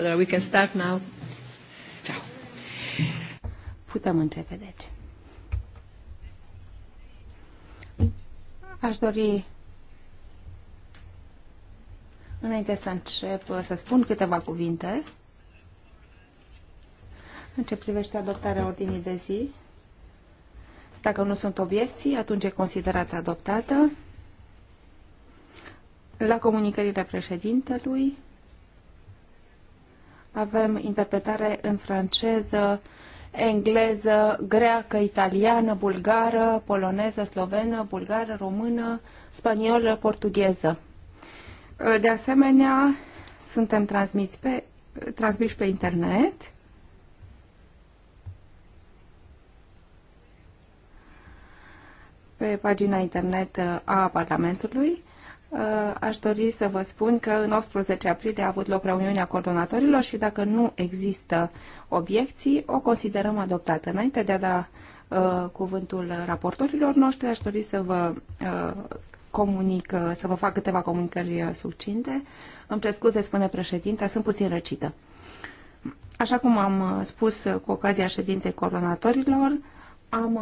Allora, we can start now. Ciao. Putem începe, deci. Aș dori Înainte să încep să spun câteva cuvinte în ce privește adoptarea ordinii de zi. Dacă nu sunt obiecții, atunci e considerată adoptată. La comunicările președintelui, avem interpretare în franceză, engleză, greacă, italiană, bulgară, poloneză, slovenă, bulgară, română, spaniolă, portugheză. De asemenea, suntem transmiți pe, transmiși pe internet. pe pagina internet a Parlamentului Uh, aș dori să vă spun că în 18 aprilie a avut loc reuniunea coordonatorilor și dacă nu există obiecții, o considerăm adoptată. Înainte de a da uh, cuvântul raportorilor noștri, aș dori să vă uh, comunic, să vă fac câteva comunicări succinte. Îmi cer scuze, spune președinte, sunt puțin răcită. Așa cum am spus cu ocazia ședinței coordonatorilor, am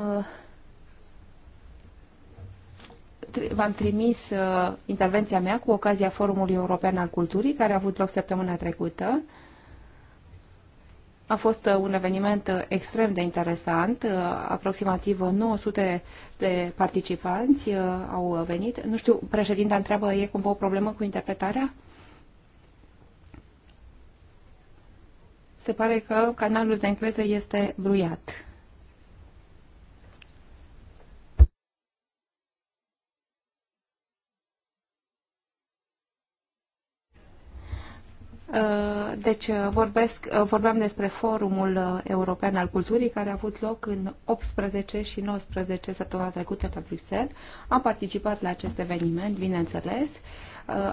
v-am trimis uh, intervenția mea cu ocazia Forumului European al Culturii, care a avut loc săptămâna trecută. A fost uh, un eveniment uh, extrem de interesant, uh, aproximativ 900 de participanți uh, au venit. Nu știu, președinta întreabă, e cumva o problemă cu interpretarea? Se pare că canalul de engleză este bruiat. Uh, deci uh, vorbesc, uh, vorbeam despre Forumul European al Culturii care a avut loc în 18 și 19 săptămâna trecută la Bruxelles. Am participat la acest eveniment, bineînțeles.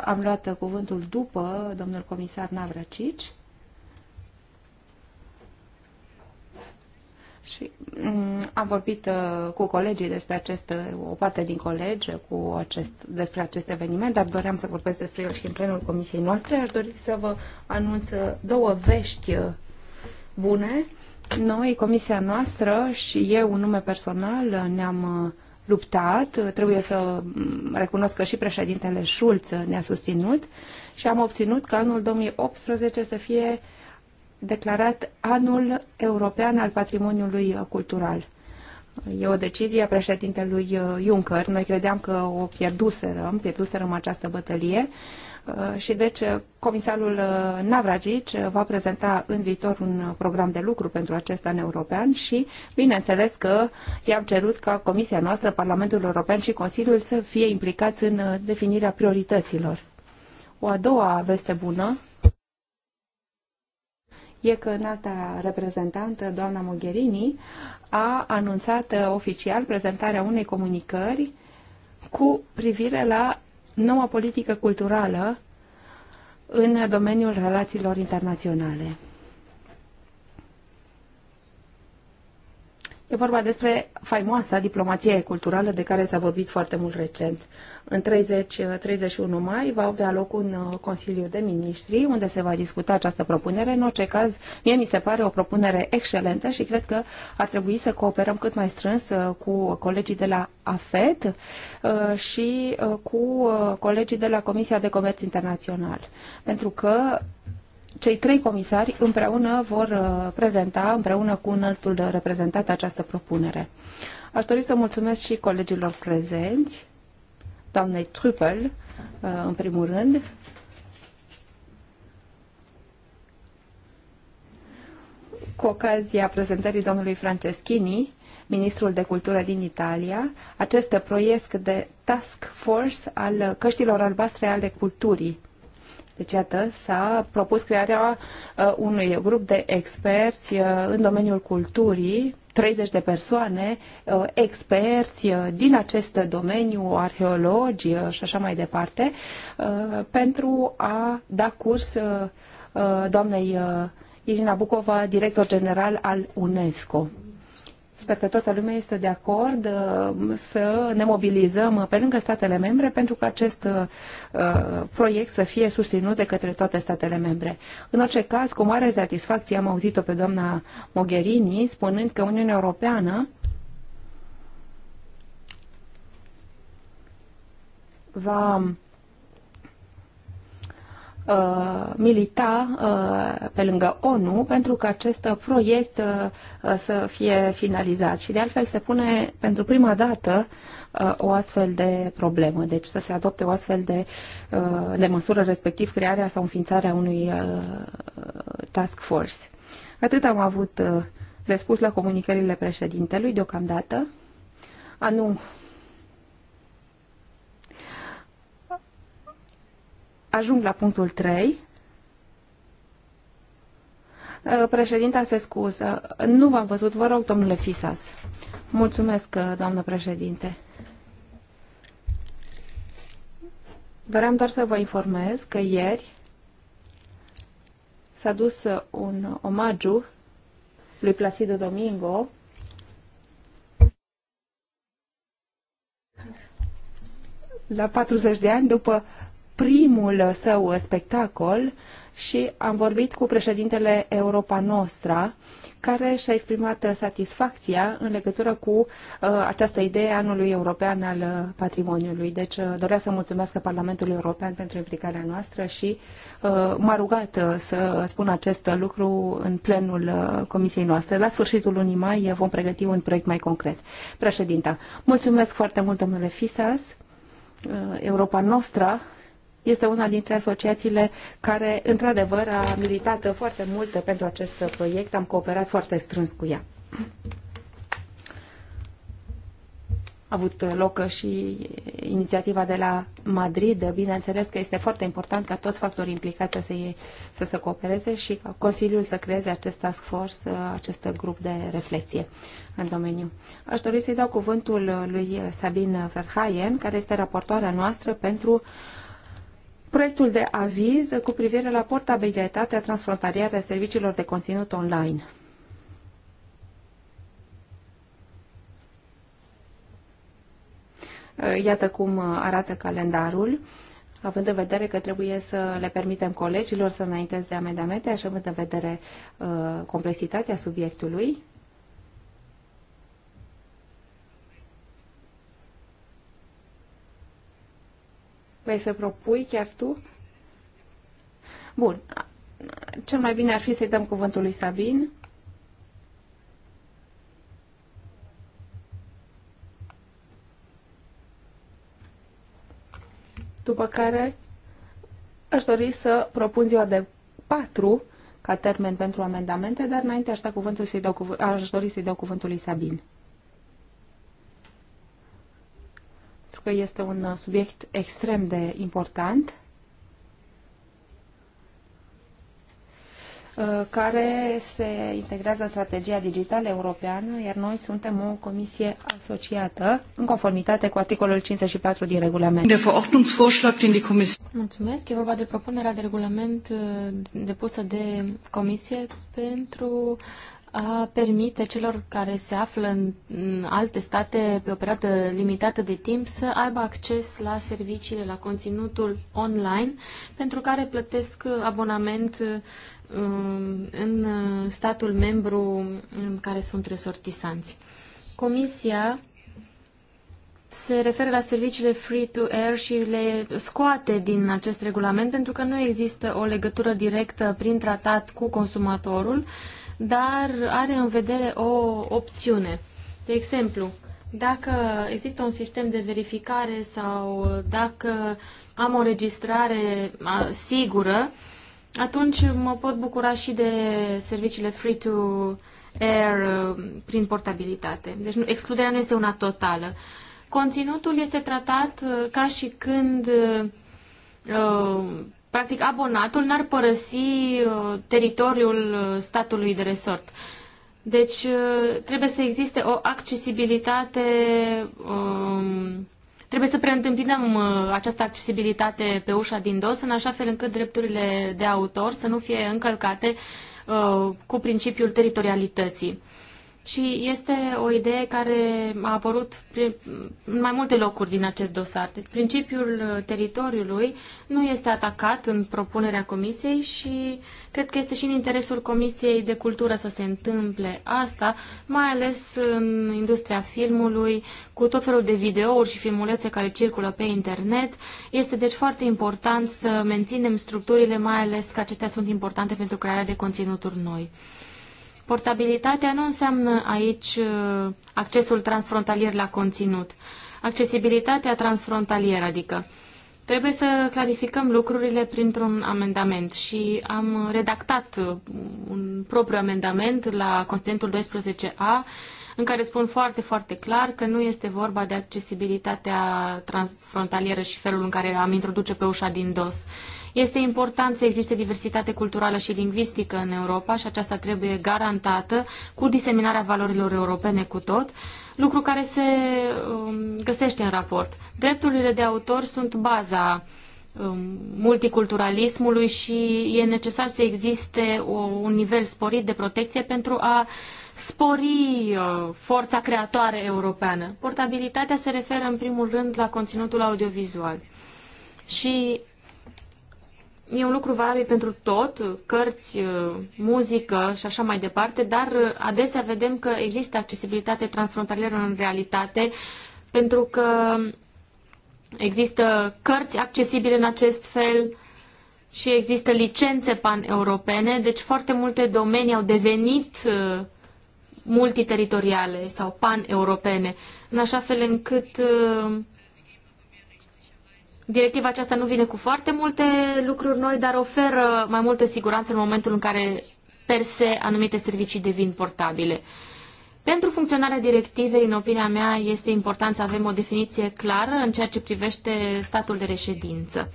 Am luat cuvântul după domnul comisar Navracici Și am mm, vorbit uh, cu colegii despre acest, uh, o parte din colegi uh, cu acest, despre acest eveniment, dar doream să vorbesc despre el și în plenul comisiei noastre. Aș dori să vă anunț două vești bune. Noi, comisia noastră și eu, un nume personal, ne-am luptat. Trebuie să mm, recunosc că și președintele Schulz ne-a susținut și am obținut ca anul 2018 să fie declarat Anul European al Patrimoniului uh, Cultural. E o decizie a președintelui uh, Juncker. Noi credeam că o pierduserăm, pierduserăm această bătălie uh, și deci comisarul Navragic va prezenta în viitor un program de lucru pentru acest an european și bineînțeles că i-am cerut ca Comisia noastră, Parlamentul European și Consiliul să fie implicați în definirea priorităților. O a doua veste bună e că înalta reprezentantă, doamna Mogherini, a anunțat uh, oficial prezentarea unei comunicări cu privire la noua politică culturală în domeniul relațiilor internaționale. E vorba despre faimoasa diplomație culturală de care s-a vorbit foarte mult recent. În 30-31 mai va avea loc un uh, Consiliu de Ministri unde se va discuta această propunere. În orice caz, mie mi se pare o propunere excelentă și cred că ar trebui să cooperăm cât mai strâns uh, cu colegii de la AFET uh, și cu colegii de la Comisia de Comerț Internațional. Pentru că cei trei comisari împreună vor uh, prezenta, împreună cu un altul reprezentat, această propunere. Aș dori să mulțumesc și colegilor prezenți, doamnei Trupel, uh, în primul rând, cu ocazia prezentării domnului Franceschini, ministrul de cultură din Italia, acest proiect de task force al căștilor albastre ale culturii deci, iată, s-a propus crearea uh, unui grup de experți uh, în domeniul culturii, 30 de persoane, uh, experți din acest domeniu, arheologi și așa mai departe, pentru a da curs doamnei Irina Bucova, director general al UNESCO. Sper că toată lumea este de acord uh, să ne mobilizăm pe lângă statele membre pentru că acest uh, uh, proiect să fie susținut de către toate statele membre. În orice caz, cu mare satisfacție am auzit-o pe doamna Mogherini spunând că Uniunea Europeană va uh, milita uh, pe lângă ONU pentru că acest proiect uh, să fie finalizat. Și de altfel se pune pentru prima dată uh, o astfel de problemă, deci să se adopte o astfel de, uh, de măsură, respectiv crearea sau înființarea unui uh, task force. Atât am avut uh, de spus la comunicările președintelui deocamdată. A, nu, ajung la punctul 3. Uh, Președinta se scuză. Nu v-am văzut. Vă rog, domnule Fisas. Mulțumesc, uh, doamnă președinte. Doream doar să vă informez că ieri s-a dus uh, un omagiu lui Placido Domingo, la 40 de ani după primul său spectacol și am vorbit cu președintele Europa Nostra, care și-a exprimat satisfacția în legătură cu uh, această idee anului european al patrimoniului. Deci uh, doresc să mulțumesc Parlamentului European pentru implicarea noastră și uh, m-a rugat uh, să spun acest lucru în plenul uh, comisiei noastre. La sfârșitul lunii mai uh, vom pregăti un proiect mai concret. Președinta, mulțumesc foarte mult, domnule Fisas. Uh, Europa Nostra este una dintre asociațiile care, într-adevăr, a militat foarte mult pentru acest proiect. Am cooperat foarte strâns cu ea. A avut loc și inițiativa de la Madrid. Bineînțeles că este foarte important ca toți factorii implicați să se, să se coopereze și ca Consiliul să creeze acest task force, acest grup de reflexie în domeniu. Aș dori să-i dau cuvântul lui Sabine Verhaien, care este raportoarea noastră pentru uh, proiectul de aviz cu privire la portabilitatea transfrontalieră a serviciilor de conținut online. Uh, iată cum uh, arată calendarul, având în vedere că trebuie să le permitem colegilor să înainteze amendamente, așa având în vedere uh, complexitatea subiectului. Vei să propui chiar tu? Bun. Cel mai bine ar fi să-i dăm cuvântul lui Sabin. După care aș dori să propun ziua de 4 ca termen pentru amendamente, dar înainte aș, da cuvântul să dau cuv- aș dori să-i dau cuvântul lui Sabin. că este un uh, subiect extrem de important uh, care se integrează în strategia digitală europeană, iar noi suntem o comisie asociată în conformitate cu articolul 54 din regulament. De din Mulțumesc. E vorba de propunerea de regulament uh, depusă de comisie pentru a permite celor care se află în, alte state pe o perioadă limitată de timp să aibă acces la serviciile, la conținutul online, pentru care plătesc abonament um, în statul membru în care sunt resortisanți. Comisia se referă la serviciile free-to-air și le scoate din acest regulament pentru că nu există o legătură directă prin tratat cu consumatorul, uh, dar are în vedere o opțiune. De exemplu, dacă există un sistem de verificare sau dacă am o registrare sigură, atunci mă pot bucura și de serviciile free to air prin portabilitate. Deci excluderea nu este una totală. Conținutul este tratat ca și când Practic, abonatul n-ar părăsi uh, teritoriul uh, statului de resort. Deci, uh, trebuie să existe o accesibilitate, um, trebuie să preîntâmpinăm această accesibilitate pe ușa din dos, în așa fel încât drepturile de autor să nu fie încălcate cu principiul teritorialității și este o idee care a apărut în mai multe locuri din acest dosar. Deci, principiul teritoriului nu este atacat în propunerea comisiei și cred că este și în interesul Comisiei de Cultură să se întâmple asta, mai ales în industria filmului, cu tot felul de videouri și filmulețe care circulă pe internet. Este deci foarte important să menținem structurile, mai ales că acestea sunt importante pentru crearea de conținuturi noi. Portabilitatea nu înseamnă aici uh, accesul transfrontalier la conținut. Accesibilitatea transfrontalieră, adică. Trebuie să clarificăm lucrurile printr-un amendament și am redactat uh, un propriu amendament la Constituentul 12a în care spun foarte, foarte clar că nu este vorba de accesibilitatea transfrontalieră și felul în care am introduce pe ușa din dos. Este important să existe diversitate culturală și lingvistică în Europa și aceasta trebuie garantată cu diseminarea valorilor europene cu tot, lucru care se um, găsește în raport. Drepturile de autor sunt baza um, multiculturalismului și e necesar să existe un nivel sporit de protecție pentru a spori uh, forța creatoare europeană. Portabilitatea se referă în primul rând la conținutul audiovizual. Și E un lucru valabil pentru tot, cărți, uh, muzică și așa mai departe, dar uh, adesea vedem că există accesibilitate transfrontalieră în realitate, pentru că există cărți accesibile în acest fel și există licențe pan-europene, deci foarte multe domenii au devenit uh, multiteritoriale sau pan-europene, în așa fel încât uh, Directiva aceasta nu vine cu foarte multe lucruri noi, dar oferă mai multă siguranță în momentul în care per se anumite servicii devin portabile. Pentru funcționarea directivei, în opinia mea, este important să avem o definiție clară în ceea ce privește statul de reședință.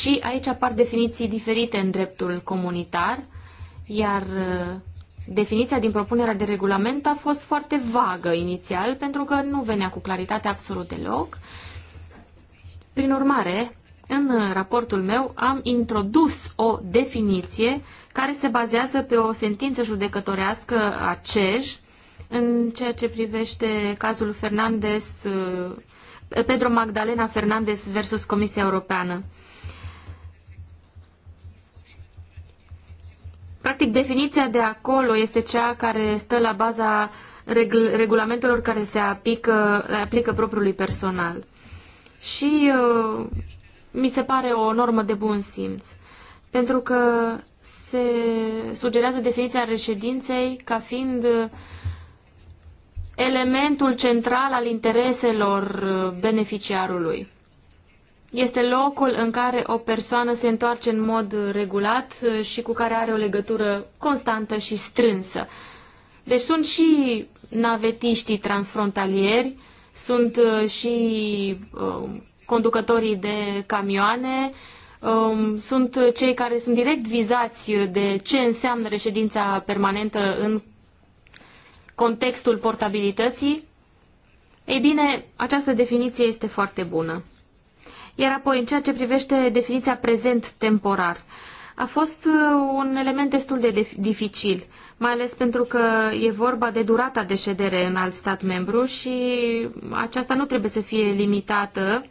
Și aici apar definiții diferite în dreptul comunitar, iar uh, definiția din propunerea de regulament a fost foarte vagă inițial, pentru că nu venea cu claritate absolut deloc. Prin urmare, în raportul meu am introdus o definiție care se bazează pe o sentință judecătorească a CEJ în ceea ce privește cazul Fernandez, eh, Pedro Magdalena Fernandez versus Comisia Europeană. Practic, definiția de acolo este cea care stă la baza regulamentelor care se aplică, aplică propriului personal și uh, mi se pare o normă de bun simț, pentru că se sugerează definiția reședinței ca fiind uh, elementul central al intereselor uh, beneficiarului. Este locul în care o persoană se întoarce în mod regulat uh, și cu care are o legătură constantă și strânsă. Deci sunt și navetiștii transfrontalieri, sunt uh, și um, conducătorii de camioane, um, sunt cei care sunt direct vizați de ce înseamnă reședința permanentă în contextul portabilității. Ei bine, această definiție este foarte bună. Iar apoi, în ceea ce privește definiția prezent temporar, a fost uh, un element destul de dificil. Uh, mai ales pentru că e vorba de durata de ședere în alt stat membru și aceasta nu trebuie să fie limitată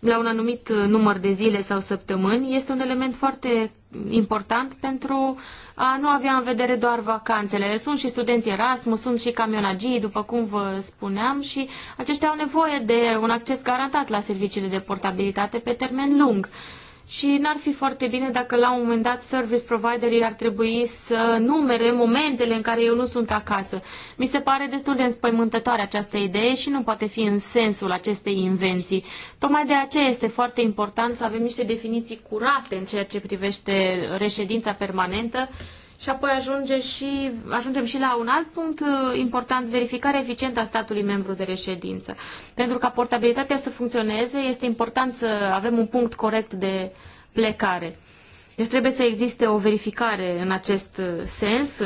la un anumit număr de zile sau săptămâni. Este un element foarte important pentru a nu avea în vedere doar vacanțele. Sunt și studenții Erasmus, sunt și camionagii, după cum vă spuneam, și aceștia au nevoie de un acces garantat la serviciile de portabilitate pe termen lung și n-ar fi foarte bine dacă la un moment dat service providerii ar trebui să numere momentele în care eu nu sunt acasă. Mi se pare destul de înspăimântătoare această idee și nu poate fi în sensul acestei invenții. Tocmai de aceea este foarte important să avem niște definiții curate în ceea ce privește reședința permanentă și apoi ajunge și, ajungem și la un alt punct uh, important, verificarea eficientă a statului membru de reședință. Pentru ca portabilitatea să funcționeze, este important să avem un punct corect de plecare. Deci trebuie să existe o verificare în acest uh, sens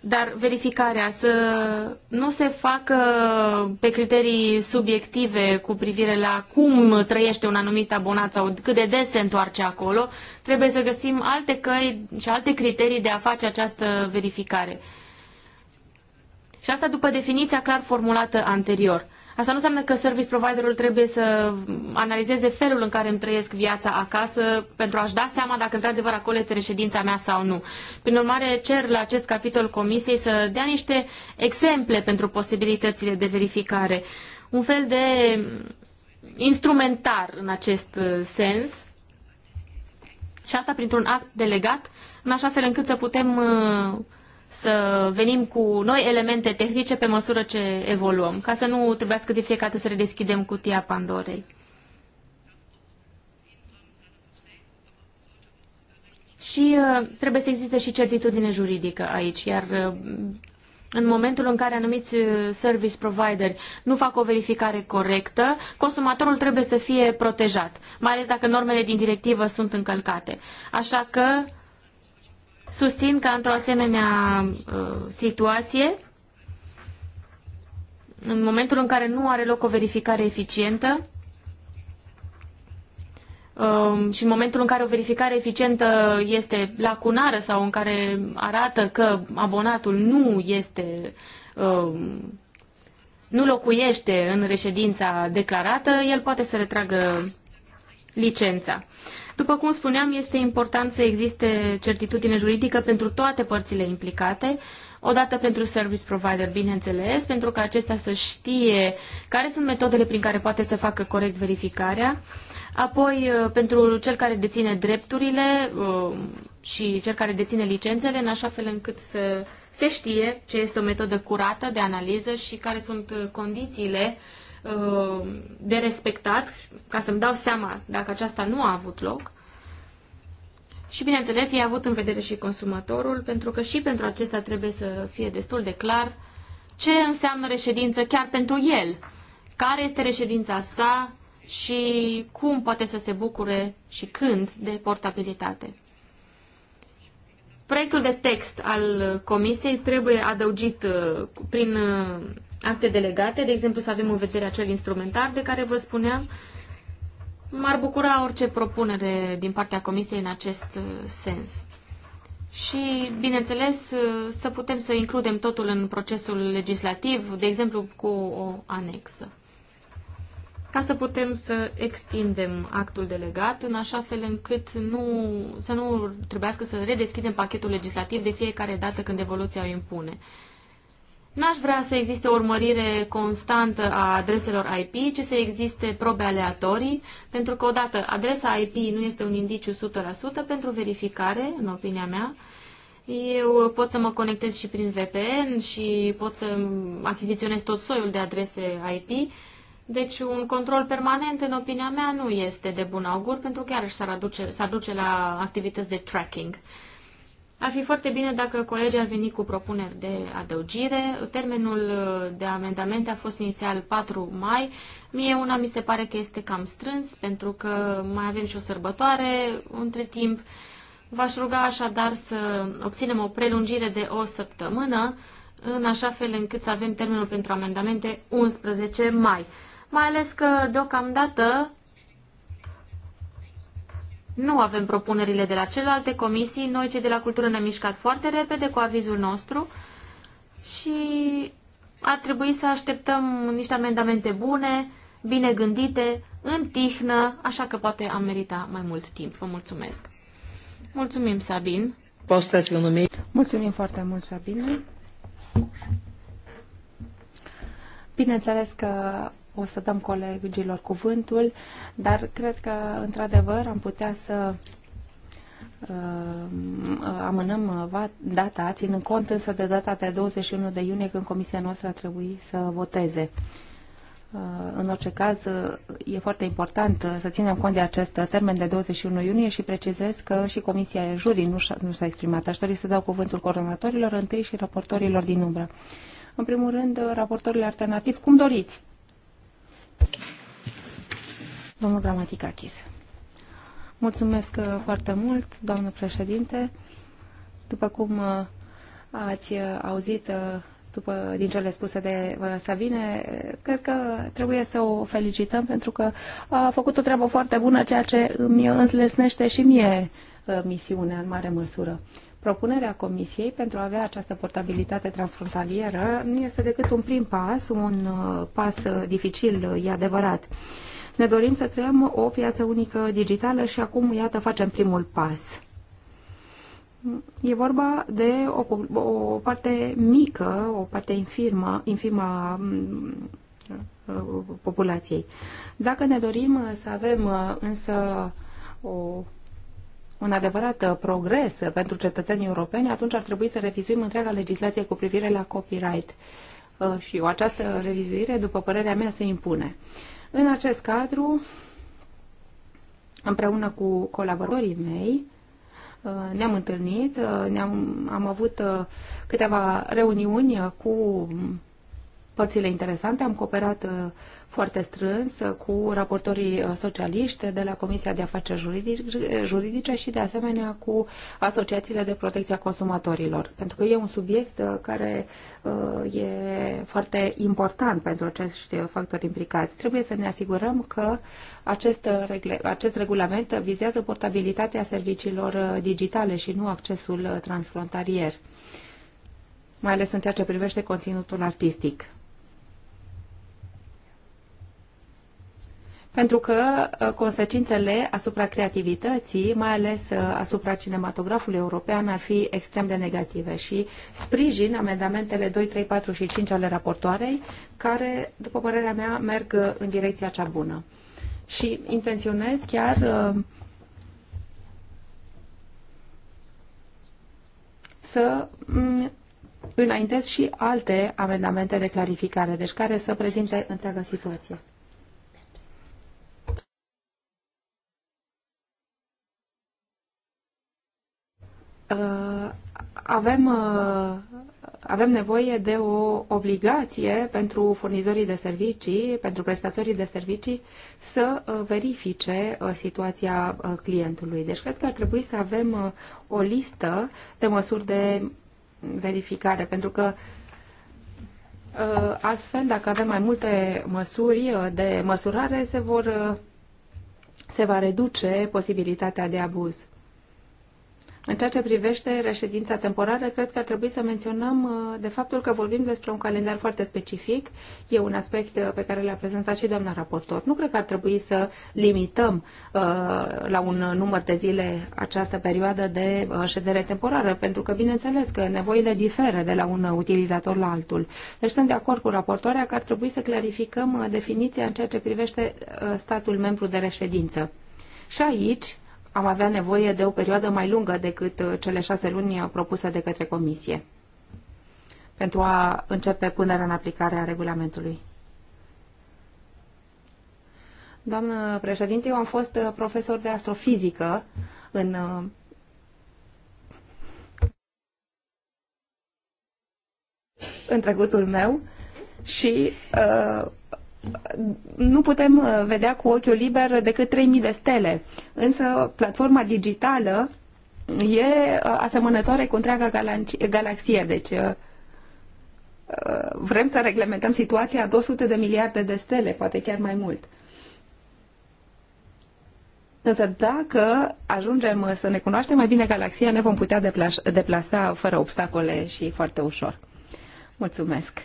dar verificarea să nu se facă pe criterii subiective cu privire la cum trăiește un anumit abonat sau cât de des se întoarce acolo, trebuie să găsim alte căi și alte criterii de a face această verificare. Și asta după definiția clar formulată anterior. Asta nu înseamnă că service providerul trebuie să analizeze felul în care îmi trăiesc viața acasă pentru a-și da seama dacă într-adevăr acolo este reședința mea sau nu. Prin urmare, cer la acest capitol comisiei să dea niște exemple pentru posibilitățile de verificare. Un fel de instrumentar în acest sens și asta printr-un act delegat, în așa fel încât să putem uh, să venim cu noi elemente tehnice pe măsură ce evoluăm, ca să nu trebuiască de fiecare dată să redeschidem cutia Pandorei. Și uh, trebuie să existe și certitudine juridică aici, iar uh, în momentul în care anumiți uh, service provider nu fac o verificare corectă, consumatorul trebuie să fie protejat, mai ales dacă normele din directivă sunt încălcate. Așa că Susțin că într-o asemenea uh, situație, în momentul în care nu are loc o verificare eficientă, um, și în momentul în care o verificare eficientă este lacunară sau în care arată că abonatul nu este um, nu locuiește în reședința declarată, el poate să retragă licența. După cum spuneam, este important să existe certitudine juridică pentru toate părțile implicate, odată pentru service provider, bineînțeles, pentru ca acesta să știe care sunt metodele prin care poate să facă corect verificarea, apoi uh, pentru cel care deține drepturile uh, și cel care deține licențele, în așa fel încât să se știe ce este o metodă curată de analiză și care sunt uh, condițiile uh, Uh, de respectat, ca să-mi dau seama dacă aceasta nu a avut loc. Și, bineînțeles, i-a avut în vedere și consumatorul, pentru că și pentru acesta trebuie să fie destul de clar ce înseamnă reședință chiar pentru el, care este reședința sa și cum poate să se bucure și când de portabilitate. Proiectul de text al comisiei trebuie adăugit uh, prin uh, acte delegate, de exemplu să avem în vedere acel instrumentar de care vă spuneam. M-ar bucura orice propunere din partea Comisiei în acest uh, sens. Și, bineînțeles, uh, să putem să includem totul în procesul legislativ, de exemplu cu o anexă. Ca să putem să extindem actul delegat în așa fel încât nu, să nu trebuiască să redeschidem pachetul legislativ de fiecare dată când evoluția o impune. N-aș vrea să existe o urmărire constantă a adreselor IP, ci să existe probe aleatorii, pentru că odată adresa IP nu este un indiciu 100% pentru verificare, în opinia mea. Eu pot să mă conectez și prin VPN și pot să achiziționez tot soiul de adrese IP, deci un control permanent, în opinia mea, nu este de bun augur, pentru că iarăși s-ar, duce, s-ar duce la activități de tracking. Ar fi foarte bine dacă colegii ar veni cu propuneri de adăugire. Termenul uh, de amendamente a fost inițial 4 mai. Mie una mi se pare că este cam strâns, pentru că mai avem și o sărbătoare între timp. V-aș ruga așadar să obținem o prelungire de o săptămână, în așa fel încât să avem termenul pentru amendamente 11 mai. Mai ales că, deocamdată, nu avem propunerile de la celelalte comisii, noi cei de la cultură ne-am mișcat foarte repede cu avizul nostru și ar trebui să așteptăm niște amendamente bune, bine gândite, în tihnă, așa că poate am merita mai mult timp. Vă mulțumesc! Mulțumim, Sabin! Mulțumim foarte mult, Sabine! Bineînțeles că o să dăm colegilor cuvântul, dar cred că, într-adevăr, am putea să uh, amânăm data, ținând cont însă de data de 21 de iunie, când comisia noastră a trebuit să voteze. Uh, în orice caz, uh, e foarte important să ținem cont de acest termen de 21 iunie și precizez că și Comisia Jurii nu, nu s-a exprimat. Aș dori să dau cuvântul coordonatorilor întâi și raportorilor din umbră. În primul rând, raportorile alternativ, cum doriți? Domnul Gramaticachis. Mulțumesc uh, foarte mult, doamnă președinte. După cum uh, ați uh, auzit după, din cele spuse de Savine, cred că trebuie să o felicităm pentru că a făcut o treabă foarte bună, ceea ce îmi înlesnește și mie misiunea în mare măsură. Propunerea Comisiei pentru a avea această portabilitate transfrontalieră nu este decât un prim pas, un uh, pas uh, dificil, uh, e adevărat. Ne dorim să creăm o piață unică digitală și acum, iată, facem primul pas. E vorba de o, o parte mică, o parte infirmă, infirmă a mm, populației. Dacă ne dorim să avem însă o un adevărat uh, progres pentru cetățenii europeni, atunci ar trebui să revizuim întreaga legislație cu privire la copyright. Uh, și această revizuire, după părerea mea, se impune. În acest cadru, împreună cu colaboratorii mei, uh, ne-am întâlnit, ne-am, am avut câteva reuniuni cu părțile interesante. Am cooperat uh, foarte strâns uh, cu raportorii uh, socialiști de la Comisia de Afaceri Juridice și de asemenea cu asociațiile de protecție a consumatorilor, pentru că e un subiect care e foarte important pentru acești factori implicați. Trebuie să ne asigurăm că acest, regle, acest regulament vizează portabilitatea serviciilor digitale și nu accesul transfrontalier mai ales în ceea ce privește conținutul artistic. pentru că uh, consecințele asupra creativității, mai ales uh, asupra cinematografului european, ar fi extrem de negative și sprijin amendamentele 2, 3, 4 și 5 ale raportoarei, care, după părerea mea, merg uh, în direcția cea bună. Și intenționez chiar să mm, înaintez și alte amendamente de clarificare, deci care să prezinte întreaga situație. Uh, avem, uh, avem nevoie de o obligație pentru furnizorii de servicii, pentru prestatorii de servicii, să uh, verifice situația clientului. Deci cred că ar trebui să avem o listă de măsuri de verificare, pentru că astfel, dacă avem mai multe măsuri de măsurare, se, vor, se va reduce posibilitatea de abuz. În ceea ce privește reședința temporară, cred că ar trebui să menționăm uh, de faptul că vorbim despre un calendar foarte specific. E un aspect uh, pe care l-a prezentat și doamna raportor. Nu cred că ar trebui să limităm uh, la un număr de zile această perioadă de ședere temporară, pentru că, bineînțeles, că nevoile diferă de la un utilizator la altul. Deci sunt de acord cu raportoarea că ar trebui să clarificăm definiția în ceea ce privește statul membru de reședință. Și aici, am avea nevoie de o perioadă mai lungă decât uh, cele șase luni propuse de către Comisie pentru a începe punerea în aplicare a regulamentului. Doamnă președinte, eu am fost uh, profesor de astrofizică în uh, în trecutul meu și uh, nu putem uh, vedea cu ochiul liber decât 3000 de stele, însă platforma digitală e uh, asemănătoare cu întreaga galaxie, deci uh, vrem să reglementăm situația a 200 de miliarde de stele, poate chiar mai mult. Însă dacă ajungem să ne cunoaștem mai bine galaxia, ne vom putea deplasa fără obstacole și foarte ușor. Mulțumesc!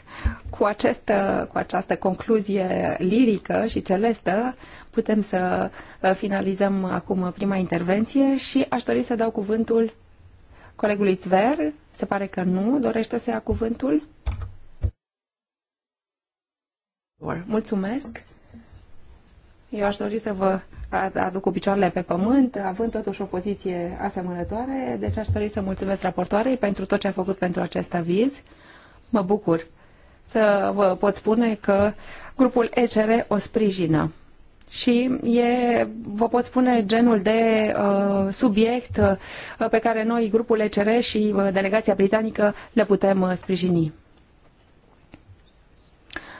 Cu, această, cu această concluzie lirică și celestă putem să uh, finalizăm acum prima intervenție și aș dori să dau cuvântul colegului Zver. Se pare că nu dorește să ia cuvântul. Mulțumesc! Eu aș dori să vă aduc cu picioarele pe pământ, având totuși o poziție asemănătoare, deci aș dori să mulțumesc raportoarei pentru tot ce a făcut pentru acest aviz Mă bucur să vă pot spune că grupul ECR o sprijină. Și e, vă pot spune, genul de uh, subiect uh, pe care noi, grupul ECR și uh, delegația britanică, le putem uh, sprijini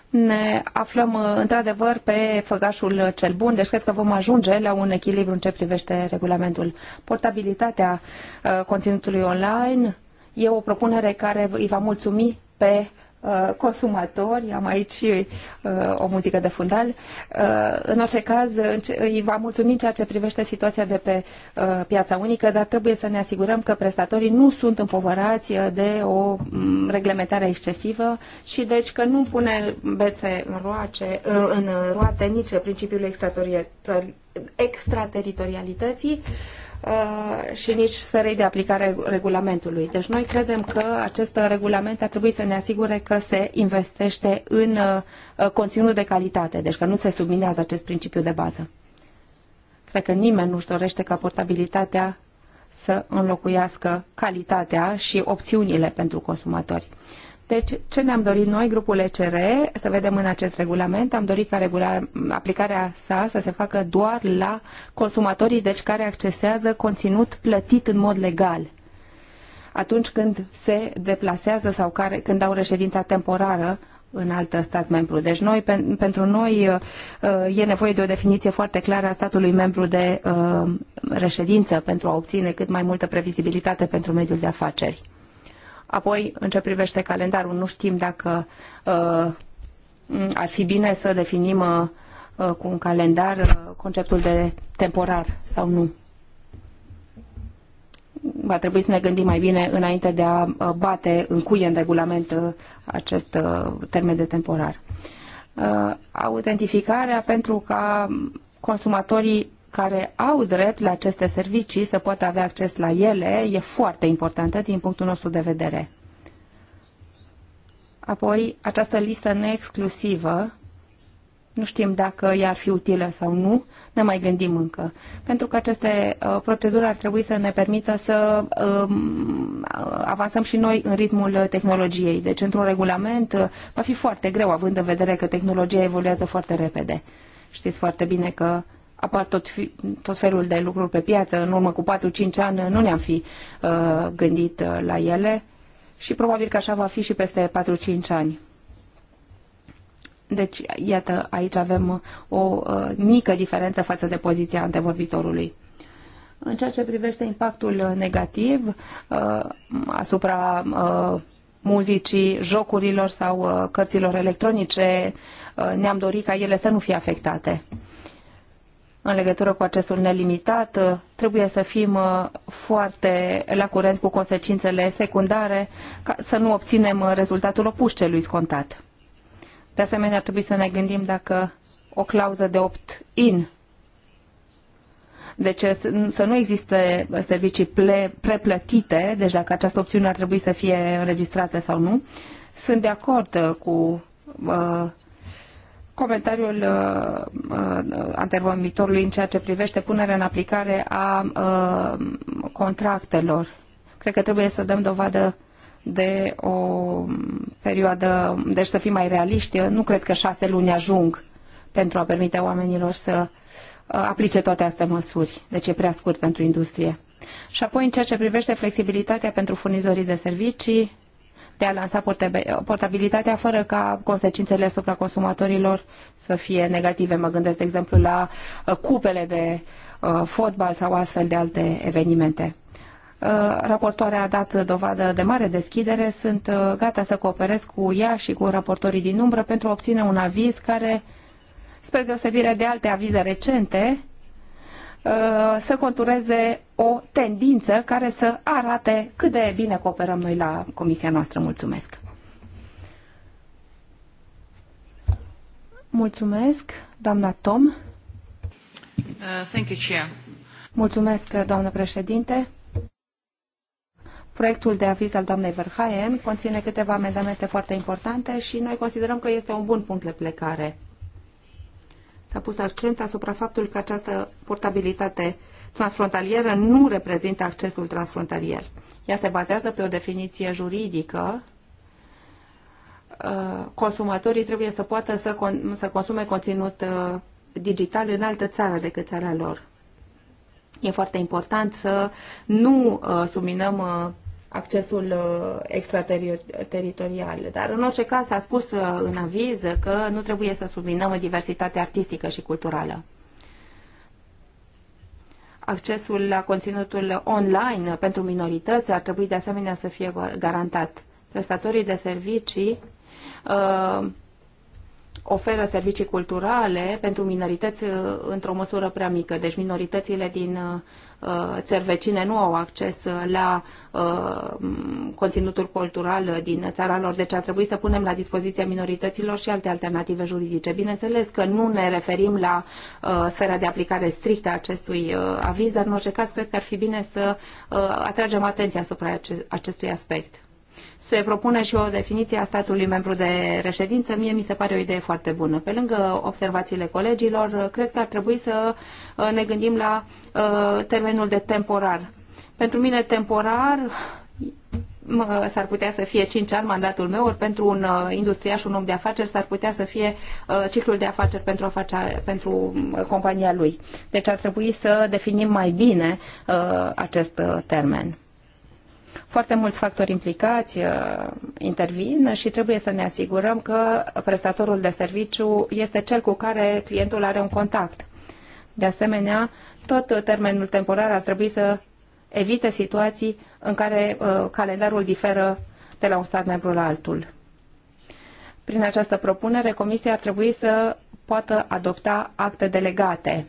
ne aflăm uh, într-adevăr pe făgașul cel bun, deci cred că vom ajunge la un echilibru în ce privește regulamentul. Portabilitatea uh, conținutului online e o propunere care îi va mulțumi pe uh, consumatori, am aici uh, o muzică de fundal. Uh, în orice caz, îi va mulțumi ceea ce privește situația de pe piața unică, dar trebuie să ne asigurăm că prestatorii nu sunt împovărați de o mm, reglementare excesivă și deci că nu pune bețe în, roace, în roate nici principiul extraterritorialității Uh, și nici sferei de aplicare regulamentului. Deci noi credem că acest regulament ar trebui să ne asigure că se investește în uh, uh, conținut de calitate, deci că nu se subminează acest principiu de bază. Cred că nimeni nu-și dorește ca portabilitatea să înlocuiască calitatea și opțiunile pentru consumatori. Deci, ce ne-am dorit noi, grupul ECR, să vedem în acest regulament, am dorit ca regular, aplicarea sa să se facă doar la consumatorii, deci care accesează conținut plătit în mod legal atunci când se deplasează sau care, când au reședința temporară în altă stat membru. Deci noi, pentru noi uh, e nevoie de o definiție foarte clară a statului membru de uh, reședință pentru a obține cât mai multă previzibilitate pentru mediul de afaceri. Apoi, în ce privește calendarul, nu știm dacă uh, ar fi bine să definim uh, uh, cu un calendar conceptul de temporar sau nu. Va trebui să ne gândim mai bine înainte de a bate în cuie în regulament acest termen de temporar. Autentificarea pentru ca consumatorii care au drept la aceste servicii să poată avea acces la ele e foarte importantă din punctul nostru de vedere. Apoi, această listă neexclusivă, nu știm dacă ea ar fi utilă sau nu, ne mai gândim încă. Pentru că aceste uh, proceduri ar trebui să ne permită să uh, avansăm și noi în ritmul tehnologiei. Deci, într-un regulament uh, va fi foarte greu, având în vedere că tehnologia evoluează foarte repede. Știți foarte bine că apar tot, fi, tot felul de lucruri pe piață. În urmă cu 4-5 ani nu ne-am fi uh, gândit uh, la ele și probabil că așa va fi și peste 4-5 ani. Deci, iată, aici avem o uh, mică diferență față de poziția antevorbitorului. În ceea ce privește impactul negativ uh, asupra uh, muzicii, jocurilor sau uh, cărților electronice, uh, ne-am dorit ca ele să nu fie afectate. Uh, în legătură cu accesul nelimitat. Trebuie să fim uh, foarte la curent cu consecințele secundare ca să nu obținem uh, rezultatul opus celui scontat. De asemenea, ar trebui să ne gândim dacă o clauză de opt-in deci să nu existe servicii preplătite, deci dacă această opțiune ar trebui să fie înregistrată sau nu. Sunt de acord uh, cu uh, comentariul uh, uh antervomitorului în ceea ce privește punerea în aplicare a uh, contractelor. Cred că trebuie să dăm dovadă de o perioadă, deci să fim mai realiști. Nu cred că șase luni ajung pentru a permite oamenilor să uh, aplice toate aceste măsuri. Deci e prea scurt pentru industrie. Și apoi, în ceea ce privește flexibilitatea pentru furnizorii de servicii, de a lansa portabilitatea fără ca consecințele asupra consumatorilor să fie negative. Mă gândesc, de exemplu, la uh, cupele de uh, fotbal sau astfel de alte evenimente. Uh, raportoarea a dat dovadă de mare deschidere, sunt gata să cooperez cu ea și cu raportorii din umbră pentru a obține un aviz care, spre deosebire de alte avize recente, Uh, să contureze o tendință care să arate cât de bine cooperăm noi la comisia noastră. Mulțumesc! Mulțumesc, doamna Tom. Uh, thank you, Chair. Mulțumesc, doamnă președinte. Proiectul de aviz al doamnei Verhaen conține câteva amendamente foarte importante și noi considerăm că este un bun punct de plecare S-a pus accent asupra faptului că această portabilitate transfrontalieră nu reprezintă accesul transfrontalier. Ea se bazează pe o definiție juridică. Uh, consumatorii trebuie să poată să, con- să consume conținut uh, digital în altă țară decât țara lor. E foarte important să nu uh, subminăm accesul uh, extrateritorial. Dar în orice caz s-a spus uh, în aviz că nu trebuie să subminăm diversitate artistică și culturală. Accesul la conținutul online pentru minorități ar trebui de asemenea să fie garantat. Prestatorii de servicii uh, oferă servicii culturale pentru minorități uh, într-o măsură prea mică. Deci minoritățile din țări vecine nu au acces la uh, conținutul cultural din țara lor, deci ar trebui să punem la dispoziția minorităților și alte alternative juridice. Bineînțeles că nu ne referim la uh, sfera de aplicare strictă a acestui uh, aviz, dar în orice caz cred că ar fi bine să atragem atenția asupra acestui aspect se propune și o definiție a statului membru de reședință. Mie mi se pare o idee foarte bună. Pe lângă observațiile colegilor, cred că ar trebui să uh, ne gândim la uh, termenul de temporar. Pentru mine, temporar s-ar putea să fie 5 ani mandatul meu, ori pentru un uh, industriaș, un om de afaceri, s-ar putea să fie ciclul de afaceri pentru, afacea, pentru compania lui. Deci ar trebui să definim mai bine acest termen. Foarte mulți factori implicați uh, intervin și trebuie să ne asigurăm că prestatorul de serviciu este cel cu care clientul are un contact. De asemenea, tot termenul temporar ar trebui să evite situații în care uh, calendarul diferă de la un stat membru la altul. Prin această propunere, Comisia ar trebui să poată adopta acte delegate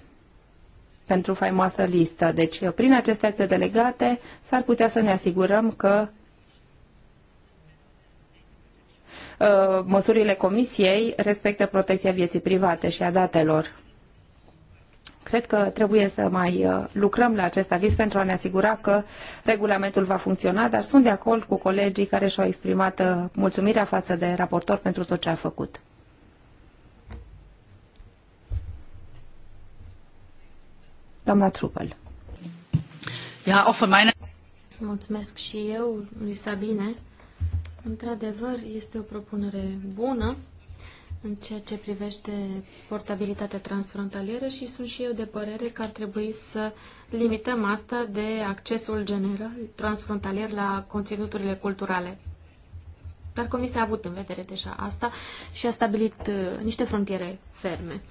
pentru faimoasă listă. Deci, prin aceste acte delegate, s-ar putea să ne asigurăm că uh, măsurile Comisiei respectă protecția vieții private și a datelor. Cred că trebuie să mai uh, lucrăm la acest aviz pentru a ne asigura că regulamentul va funcționa, dar sunt de acord cu colegii care și-au exprimat uh, mulțumirea față de raportor pentru tot ce a făcut. Doamna Trupel. Ja, auch von meiner... Mulțumesc și eu lui Sabine. Într-adevăr, este o propunere bună în ceea ce privește portabilitatea transfrontalieră și sunt și eu de părere că ar trebui să limităm asta de accesul general transfrontalier la conținuturile culturale. Dar Comisia a avut în vedere deja asta și a stabilit uh, niște frontiere ferme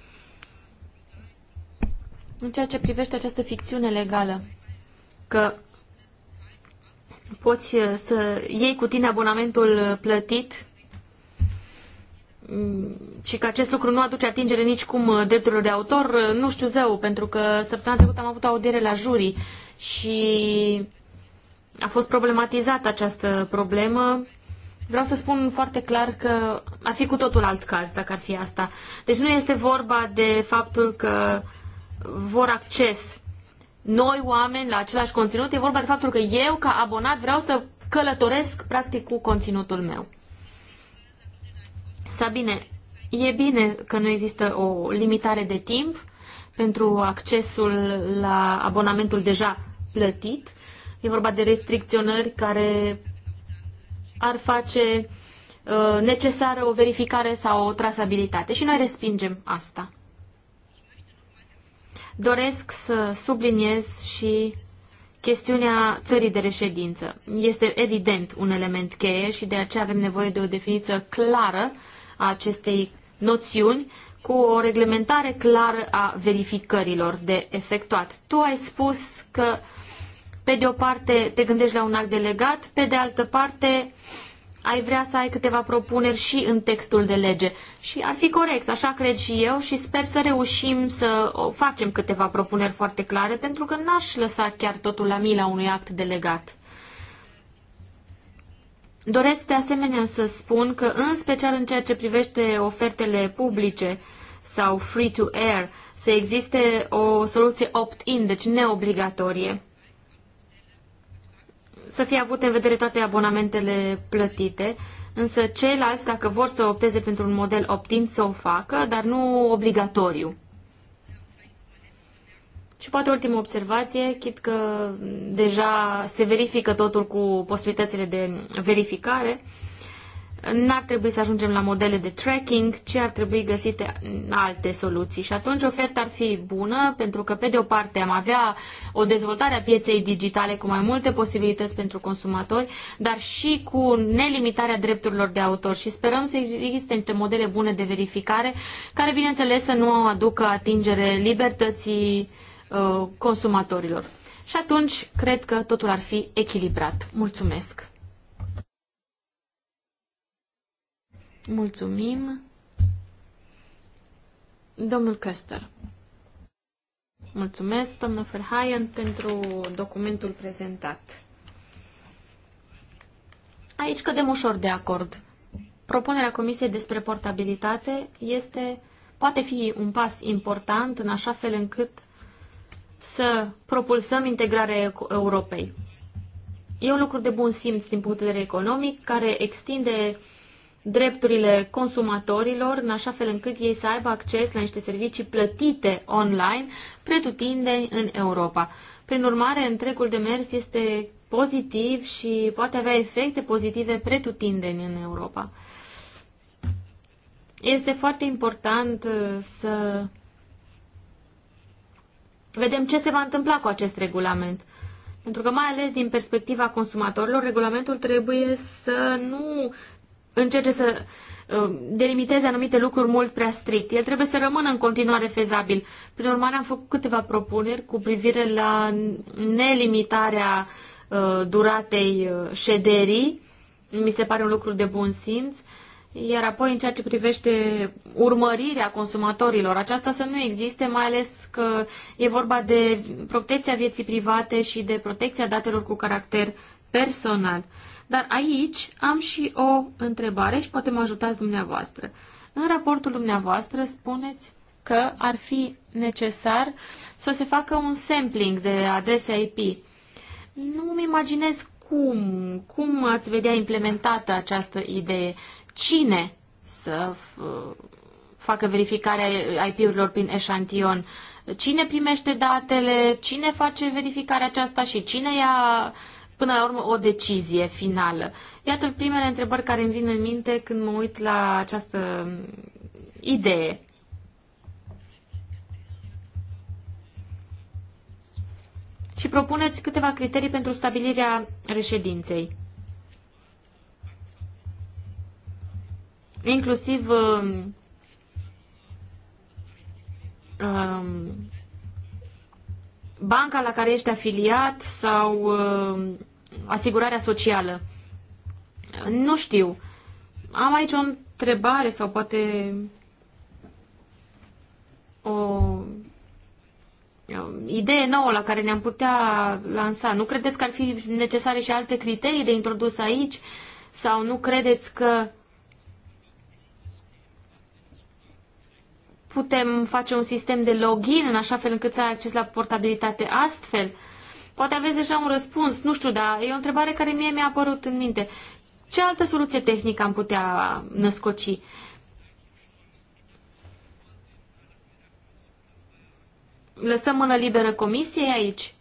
în ceea ce privește această ficțiune legală, că poți uh, să iei cu tine abonamentul uh, plătit mm, și că acest lucru nu aduce atingere nici cum uh, drepturilor de autor, nu știu zău, pentru că săptămâna trecută am avut o audiere la jurii și a fost problematizată această problemă. Vreau să spun foarte clar că ar fi cu totul alt caz dacă ar fi asta. Deci nu este vorba de faptul că uh, vor acces noi oameni la același conținut, e vorba de faptul că eu, ca abonat, vreau să călătoresc, practic, cu conținutul meu. Sabine, e bine că nu există o limitare de timp pentru accesul la abonamentul deja plătit. E vorba de restricționări care ar face uh, necesară o verificare sau o trasabilitate și noi respingem asta doresc să subliniez și chestiunea țării de reședință. Este evident un element cheie și de aceea avem nevoie de o definiție clară a acestei noțiuni cu o reglementare clară a verificărilor de efectuat. Tu ai spus că pe de o parte te gândești la un act delegat, pe de altă parte uh, ai vrea să ai câteva propuneri și în textul de lege. Și ar fi corect, așa cred și eu și sper să reușim să facem câteva propuneri foarte clare, pentru că n-aș lăsa chiar totul la mila unui act delegat. Doresc de asemenea să spun că, în special în ceea ce privește ofertele publice sau free-to-air, să existe o soluție opt-in, deci neobligatorie să fie avute în vedere toate abonamentele plătite, însă ceilalți, dacă vor să opteze pentru un model optim, să o facă, dar nu obligatoriu. Și poate ultima observație, chit că deja se verifică totul cu posibilitățile de verificare, N-ar trebui să ajungem la modele de tracking, ci ar trebui găsite alte soluții. Și atunci oferta ar fi bună, pentru că, pe de o parte, am avea o dezvoltare a pieței digitale cu mai multe posibilități pentru consumatori, dar și cu nelimitarea drepturilor de autor. Și sperăm să existe niște modele bune de verificare, care, bineînțeles, să nu aducă atingere libertății uh, consumatorilor. Și atunci, cred că totul ar fi echilibrat. Mulțumesc! Mulțumim. Domnul Căster. Mulțumesc, doamnă Ferhaien, pentru documentul prezentat. Aici cădem ușor de acord. Propunerea Comisiei despre portabilitate este, poate fi un pas important în așa fel încât să propulsăm integrarea Europei. E un lucru de bun simț din punct de vedere economic, care extinde uh, drepturile consumatorilor, în așa fel încât ei să aibă acces la niște servicii plătite online, pretutindeni în Europa. Prin urmare, întregul demers este pozitiv și poate avea efecte pozitive pretutindeni în Europa. Este foarte important uh, să vedem ce se va întâmpla cu acest regulament. Pentru că mai ales din perspectiva consumatorilor, regulamentul trebuie să nu încerce să uh, delimiteze anumite lucruri mult prea strict. El trebuie să rămână în continuare fezabil. Prin urmare, am făcut câteva propuneri cu privire la nelimitarea uh, duratei uh, șederii. Mi se pare un lucru de bun simț. Iar apoi, în ceea ce privește urmărirea consumatorilor, aceasta să nu existe, mai ales că e vorba de protecția vieții private și de protecția datelor cu caracter personal. Dar aici am și o întrebare și poate mă ajutați dumneavoastră. În raportul dumneavoastră spuneți că ar fi necesar să se facă un sampling de adrese IP. Nu-mi imaginez cum, cum ați vedea implementată această idee. Cine să facă verificarea IP-urilor prin eșantion? Cine primește datele? Cine face verificarea aceasta și cine ia până la urmă o decizie finală. Iată primele întrebări care îmi vin în minte când mă uit la această idee. Și propuneți câteva criterii pentru stabilirea reședinței. Inclusiv um, um banca la care ești afiliat sau uh, asigurarea socială. Nu știu. Am aici o întrebare sau poate o uh, idee nouă la care ne-am putea lansa. Nu credeți că ar fi necesare și alte criterii de introdus aici? Sau nu credeți că putem face un sistem de login în așa fel încât să ai acces la portabilitate astfel? Poate aveți deja un răspuns, nu știu, dar e o întrebare care mie mi-a apărut în minte. Ce altă soluție tehnică am putea născoci? Lăsăm mână liberă comisiei aici?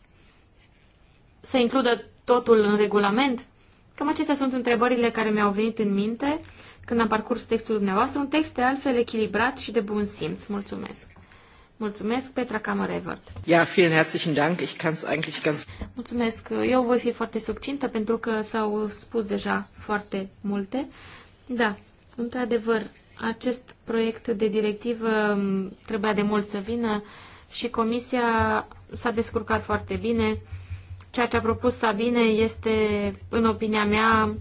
Să includă totul în regulament? Cam acestea sunt întrebările care mi-au venit în minte când am parcurs textul dumneavoastră, un text de altfel echilibrat și de bun simț. Mulțumesc! Mulțumesc, Petra Kammerevert. Ja, vielen herzlichen Dank. Ich kann's eigentlich ganz... Mulțumesc. Eu voi fi foarte subcintă pentru că s-au spus deja foarte multe. Da, într-adevăr, acest proiect de directivă um, trebuia de mult să vină și Comisia s-a descurcat foarte bine. Ceea ce a propus Sabine este, în opinia mea,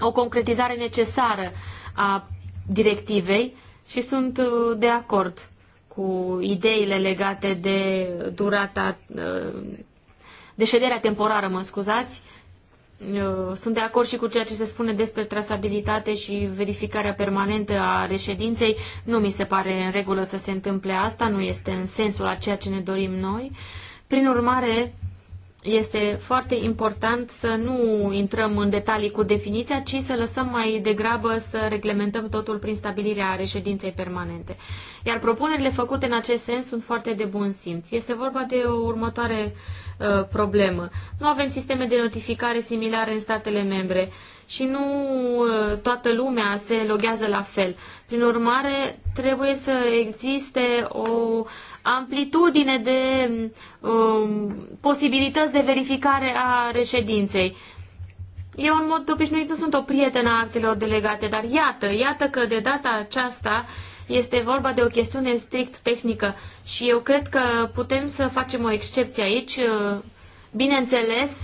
o concretizare necesară a directivei și sunt uh, de acord cu ideile legate de durata, uh, de șederea temporară, mă scuzați. Uh, sunt de acord și cu ceea ce se spune despre trasabilitate și verificarea permanentă a reședinței. Nu mi se pare în regulă să se întâmple asta, nu este în sensul a ceea ce ne dorim noi. Prin urmare, este foarte important să nu intrăm în detalii cu definiția, ci să lăsăm mai degrabă să reglementăm totul prin stabilirea reședinței permanente. Iar propunerile făcute în acest sens sunt foarte de bun simț. Este vorba de o următoare uh, problemă. Nu avem sisteme de notificare similare în statele membre și nu uh, toată lumea se loghează la fel. Prin urmare, trebuie să existe o amplitudine de um, posibilități de verificare a reședinței. Eu, în mod obișnuit, nu sunt o prietenă a actelor delegate, dar iată, iată că de data aceasta este vorba de o chestiune strict tehnică și eu cred că putem să facem o excepție aici, bineînțeles,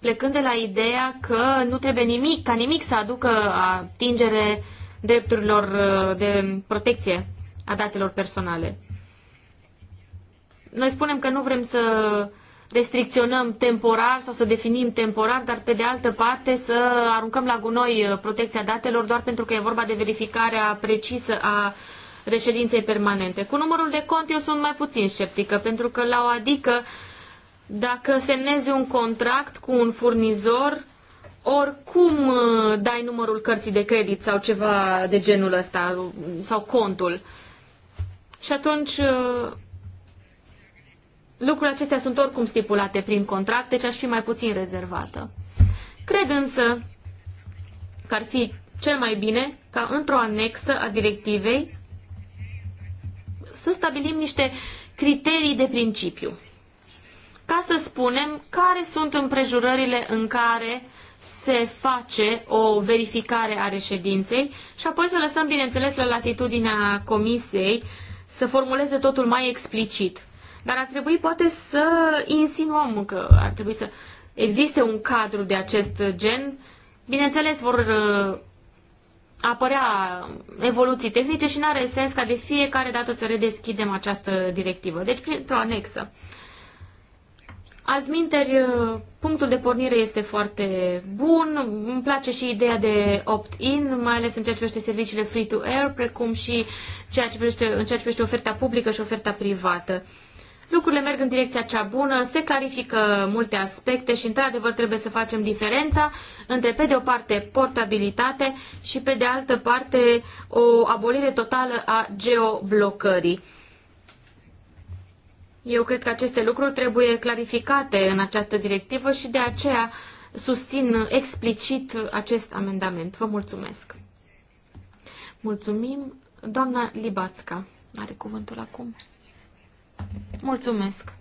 plecând de la ideea că nu trebuie nimic, ca nimic să aducă atingere drepturilor uh, de protecție a datelor personale. Noi spunem că nu vrem să restricționăm temporar sau să definim temporar, dar pe de altă parte să aruncăm la gunoi uh, protecția datelor doar pentru că e vorba de verificarea precisă a reședinței permanente. Cu numărul de cont eu sunt mai puțin sceptică, pentru că la o adică dacă semnezi un contract cu un furnizor, oricum uh, dai numărul cărții de credit sau ceva de genul ăsta, uh, sau contul. Și atunci lucrurile acestea sunt oricum stipulate prin contract, deci aș fi mai puțin rezervată. Cred însă că ar fi cel mai bine ca într-o anexă a directivei să stabilim niște criterii de principiu. Ca să spunem care sunt împrejurările în care se face o verificare a reședinței și apoi să lăsăm, bineînțeles, la latitudinea comisiei să formuleze totul mai explicit. Dar ar trebui poate să insinuăm că ar trebui să existe un cadru de acest gen. Bineînțeles, vor uh, apărea evoluții tehnice și n-are sens ca de fiecare dată să redeschidem această directivă. Deci, printr-o anexă. Altminteri, uh, punctul de pornire este foarte bun. Îmi place și ideea de opt-in, mai ales în ceea ce privește serviciile free-to-air, precum și ceea ce privește, în ceea ce privește oferta publică și oferta privată. Uh, lucrurile merg în direcția cea bună, se clarifică multe aspecte și, într-adevăr, trebuie să facem diferența între, pe de o parte, portabilitate și, pe de altă parte, o abolire totală a geoblocării. Eu cred că aceste lucruri trebuie clarificate în această directivă și de aceea susțin explicit acest amendament. Vă mulțumesc. Mulțumim. Doamna Libațca are cuvântul acum. Mulțumesc.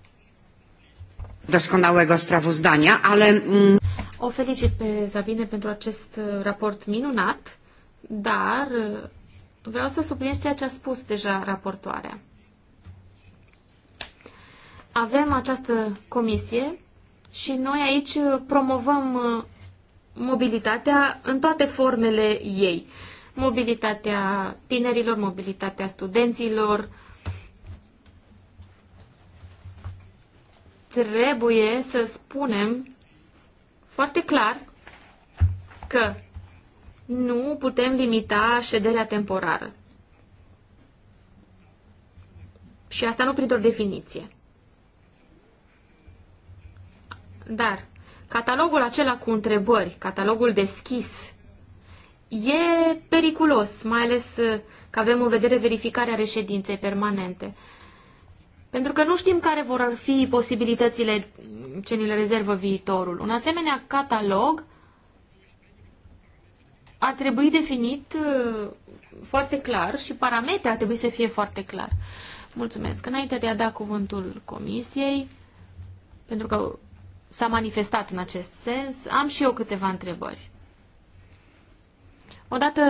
Doskonałego sprawozdania, ale... Mm, o felicit pe Zabine pentru acest uh, raport minunat, dar uh, vreau să subliniez ceea ce a spus deja raportoarea. Avem această comisie și noi aici uh, promovăm mobilitatea în toate formele ei. Mobilitatea tinerilor, mobilitatea studenților, trebuie să spunem foarte clar că nu putem limita șederea temporară. Și asta nu prin o definiție. Dar catalogul acela cu întrebări, catalogul deschis, e periculos, mai ales că avem în vedere verificarea reședinței permanente. Pentru că nu știm care vor fi posibilitățile ce ni le rezervă viitorul. Un asemenea catalog ar trebui definit uh, foarte clar și parametrii ar trebui să fie foarte clar. Mulțumesc. Înainte de a da cuvântul comisiei, pentru că s-a manifestat în acest sens, am și eu câteva întrebări. Odată,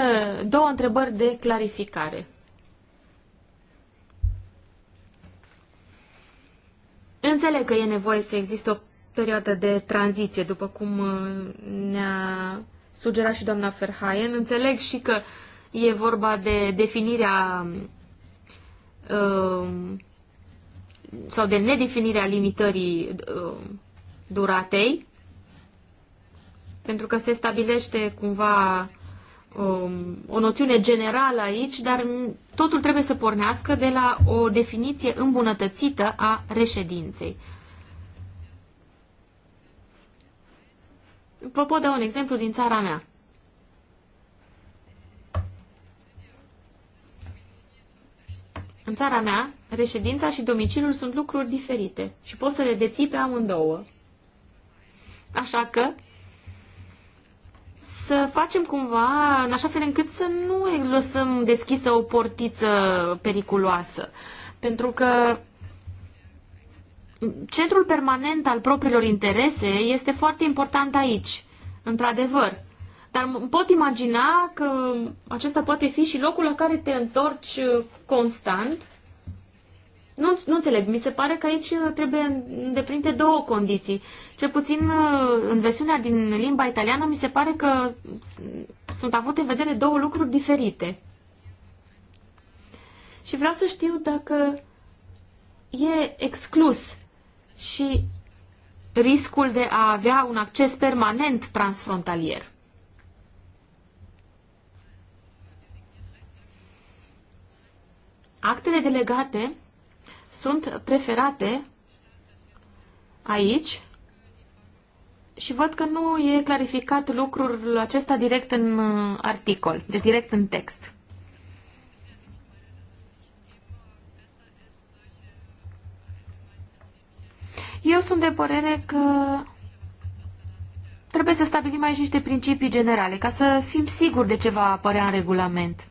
două întrebări de clarificare. Înțeleg că e nevoie să existe o perioadă de tranziție, după cum uh, ne-a sugerat și doamna Ferhaien. Înțeleg și că e vorba de definirea uh, sau de nedefinirea limitării uh, duratei, pentru că se stabilește cumva um, o noțiune generală aici, dar totul trebuie să pornească de la o definiție îmbunătățită a reședinței. Vă pot da un exemplu din țara mea. În țara mea, reședința și domiciliul sunt lucruri diferite și poți să le deții pe amândouă. Așa că să facem cumva în așa fel încât să nu lăsăm deschisă o portiță periculoasă. Pentru că centrul permanent al propriilor interese este foarte important aici, într-adevăr. Dar pot imagina că acesta poate fi și locul la care te întorci uh, constant nu, nu înțeleg, mi se pare că aici uh, trebuie îndeplinite două condiții. Cel puțin uh, în versiunea din limba italiană mi se pare că mm, sunt avute în vedere două lucruri diferite. Și vreau să știu dacă e exclus și riscul de a avea un acces permanent transfrontalier. Actele delegate sunt preferate aici și văd că nu e clarificat lucrul acesta direct în uh, articol, de direct în text. Eu sunt de părere că trebuie să stabilim aici niște principii generale, ca să fim siguri de ce va apărea în regulament.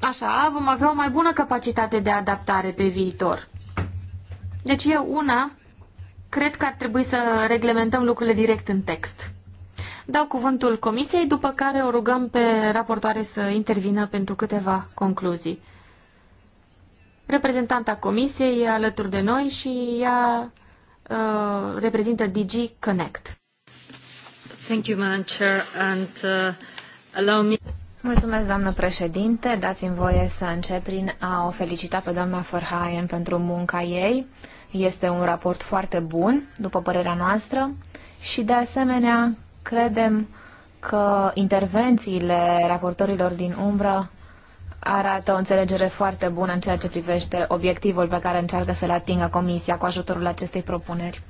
Așa vom avea o mai bună capacitate de adaptare pe viitor. Deci eu una cred că ar trebui să reglementăm lucrurile direct în text. Dau cuvântul comisiei, după care o rugăm pe raportoare să intervină pentru câteva concluzii. Reprezentanta comisiei e alături de noi și ea uh, reprezintă DG Connect. Thank you, Madam Chair, and uh, allow me... Mulțumesc, doamnă președinte. Dați-mi voie să încep prin a o felicita pe doamna Ferhaien pentru munca ei. Este un raport foarte bun, după părerea noastră, și de asemenea credem că intervențiile raportorilor din umbră arată o înțelegere foarte bună în ceea ce privește obiectivul pe care încearcă să-l atingă Comisia cu ajutorul acestei propuneri.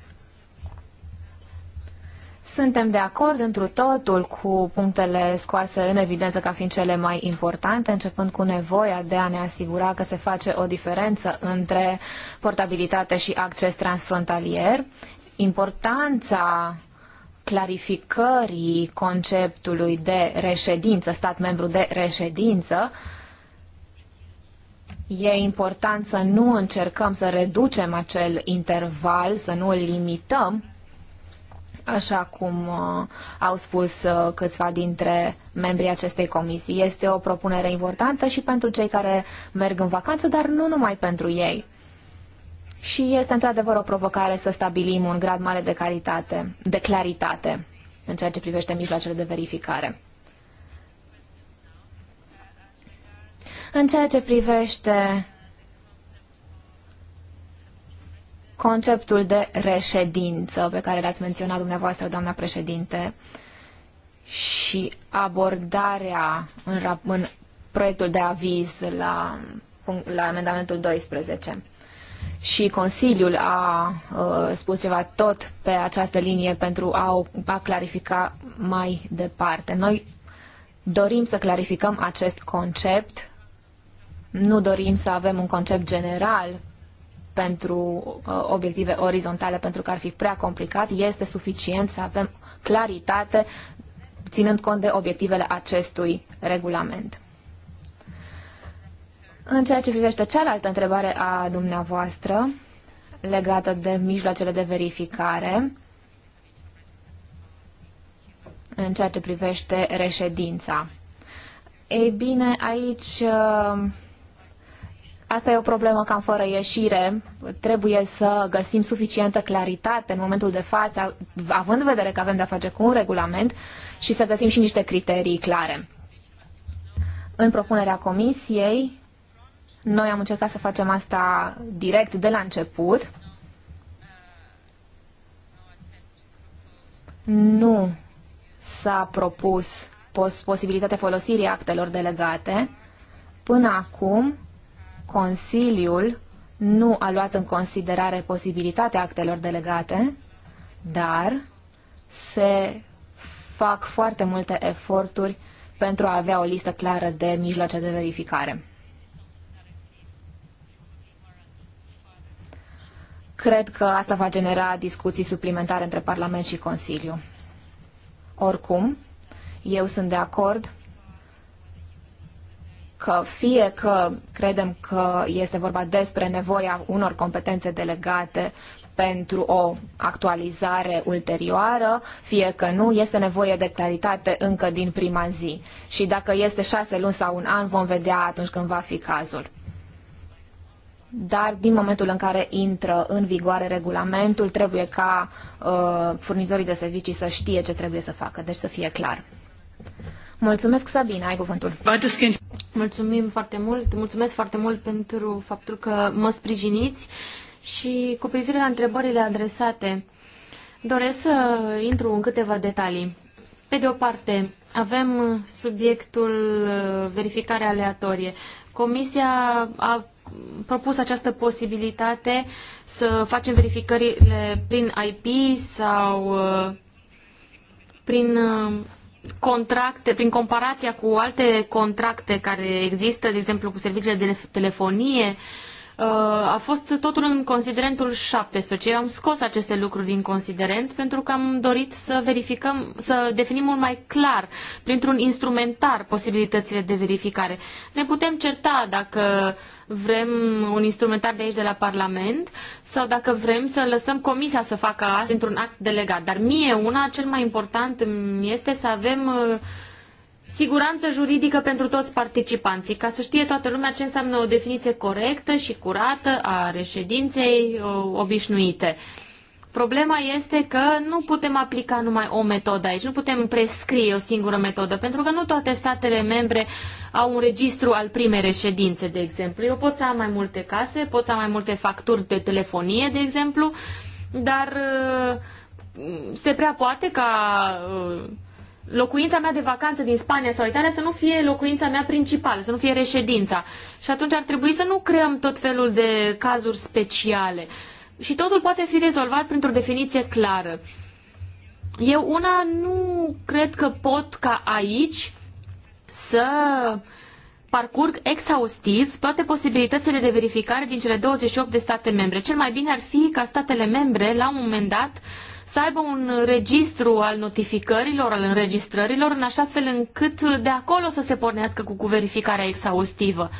Suntem de acord întru totul cu punctele scoase în evidență ca fiind cele mai importante, începând cu nevoia de a ne asigura că se face o diferență între portabilitate și acces transfrontalier, importanța clarificării conceptului de reședință, stat membru de reședință, E important să nu încercăm să reducem acel interval, să nu îl limităm, așa cum uh, au spus uh, câțiva dintre membrii acestei comisii. Este o propunere importantă și pentru cei care merg în vacanță, dar nu numai pentru ei. Și este într-adevăr o provocare să stabilim un grad mare de, caritate, de claritate în ceea ce privește mijloacele de verificare. În ceea ce privește conceptul de reședință pe care l-ați menționat dumneavoastră, doamna președinte, și abordarea în, în proiectul de aviz la, la amendamentul 12. Și Consiliul a uh, spus ceva tot pe această linie pentru a, a clarifica mai departe. Noi dorim să clarificăm acest concept, nu dorim să avem un concept general pentru uh, obiective orizontale, pentru că ar fi prea complicat. Este suficient să avem claritate, ținând cont de obiectivele acestui regulament. În ceea ce privește cealaltă întrebare a dumneavoastră, legată de mijloacele de verificare, în ceea ce privește reședința. Ei bine, aici uh, Asta e o problemă cam fără ieșire. Trebuie să găsim suficientă claritate în momentul de față, având în vedere că avem de-a face cu un regulament și să găsim și niște criterii clare. În propunerea comisiei, noi am încercat să facem asta direct de la început. Nu s-a propus posibilitatea folosirii actelor delegate. Până acum, Consiliul nu a luat în considerare posibilitatea actelor delegate, dar se fac foarte multe eforturi pentru a avea o listă clară de mijloace de verificare. Cred că asta va genera discuții suplimentare între Parlament și Consiliu. Oricum, eu sunt de acord că fie că credem că este vorba despre nevoia unor competențe delegate pentru o actualizare ulterioară, fie că nu, este nevoie de claritate încă din prima zi. Și dacă este șase luni sau un an, vom vedea atunci când va fi cazul. Dar din momentul în care intră în vigoare regulamentul, trebuie ca uh, furnizorii de servicii să știe ce trebuie să facă, deci să fie clar. Mulțumesc, Sabina, ai cuvântul. Mulțumim foarte mult, mulțumesc foarte mult pentru faptul că mă sprijiniți și cu privire la întrebările adresate, doresc să intru în câteva detalii. Pe de o parte, avem subiectul uh, verificare aleatorie. Comisia a propus această posibilitate să facem verificările prin IP sau uh, prin uh, contracte, prin comparația cu alte contracte care există, de exemplu cu serviciile de telefonie, uh, a fost totul în considerentul 17. Eu am scos aceste lucruri din considerent pentru că am dorit să verificăm, să definim mult mai clar, printr-un instrumentar, posibilitățile de verificare. Ne putem certa dacă vrem un instrumentar de aici de la Parlament sau dacă vrem să lăsăm comisia să facă asta într-un act delegat. Dar mie una, cel mai important este să avem uh, siguranță juridică pentru toți participanții, ca să știe toată lumea ce înseamnă o definiție corectă și curată a reședinței obișnuite. Problema este că nu putem aplica numai o metodă aici, nu putem prescrie o singură metodă, pentru că nu toate statele membre au un registru al primei reședințe, de exemplu. Eu pot să am mai multe case, pot să am mai multe facturi de telefonie, de exemplu, dar uh, se prea poate ca uh, locuința mea de vacanță din Spania sau Italia să nu fie locuința mea principală, să nu fie reședința. Și atunci ar trebui să nu creăm tot felul de cazuri speciale. Și totul poate fi rezolvat printr-o definiție clară. Eu una nu cred că pot ca aici să parcurg exhaustiv toate posibilitățile de verificare din cele 28 de state membre. Cel mai bine ar fi ca statele membre, la un moment dat, uh, să aibă un registru al notificărilor, al înregistrărilor, în așa fel încât de acolo să se pornească cu, cu verificarea exhaustivă.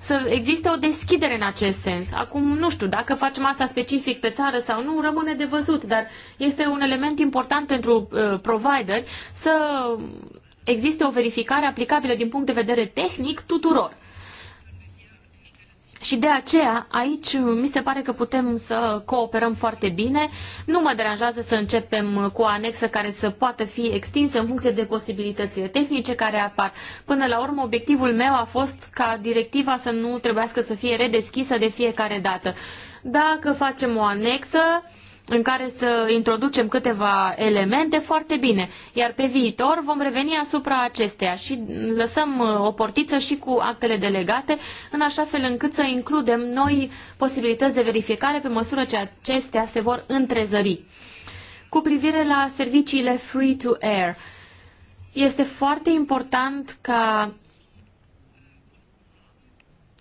Să existe o deschidere în acest sens. Acum, nu știu, dacă facem asta specific pe țară sau nu, rămâne de văzut, dar este un element important pentru uh, provider să existe o verificare aplicabilă din punct de vedere tehnic tuturor. Și de aceea, aici mi se pare că putem să cooperăm foarte bine. Nu mă deranjează să începem cu o anexă care să poată fi extinsă în funcție de posibilitățile tehnice care apar. Până la urmă, obiectivul meu a fost ca directiva să nu trebuiască să fie redeschisă de fiecare dată. Dacă facem o anexă, în care să introducem câteva elemente foarte bine. Iar pe viitor vom reveni asupra acesteia și lăsăm uh, o portiță și cu actele delegate, în așa fel încât să includem noi posibilități de verificare pe măsură ce acestea se vor întrezări. Cu privire la serviciile free to air, este foarte important ca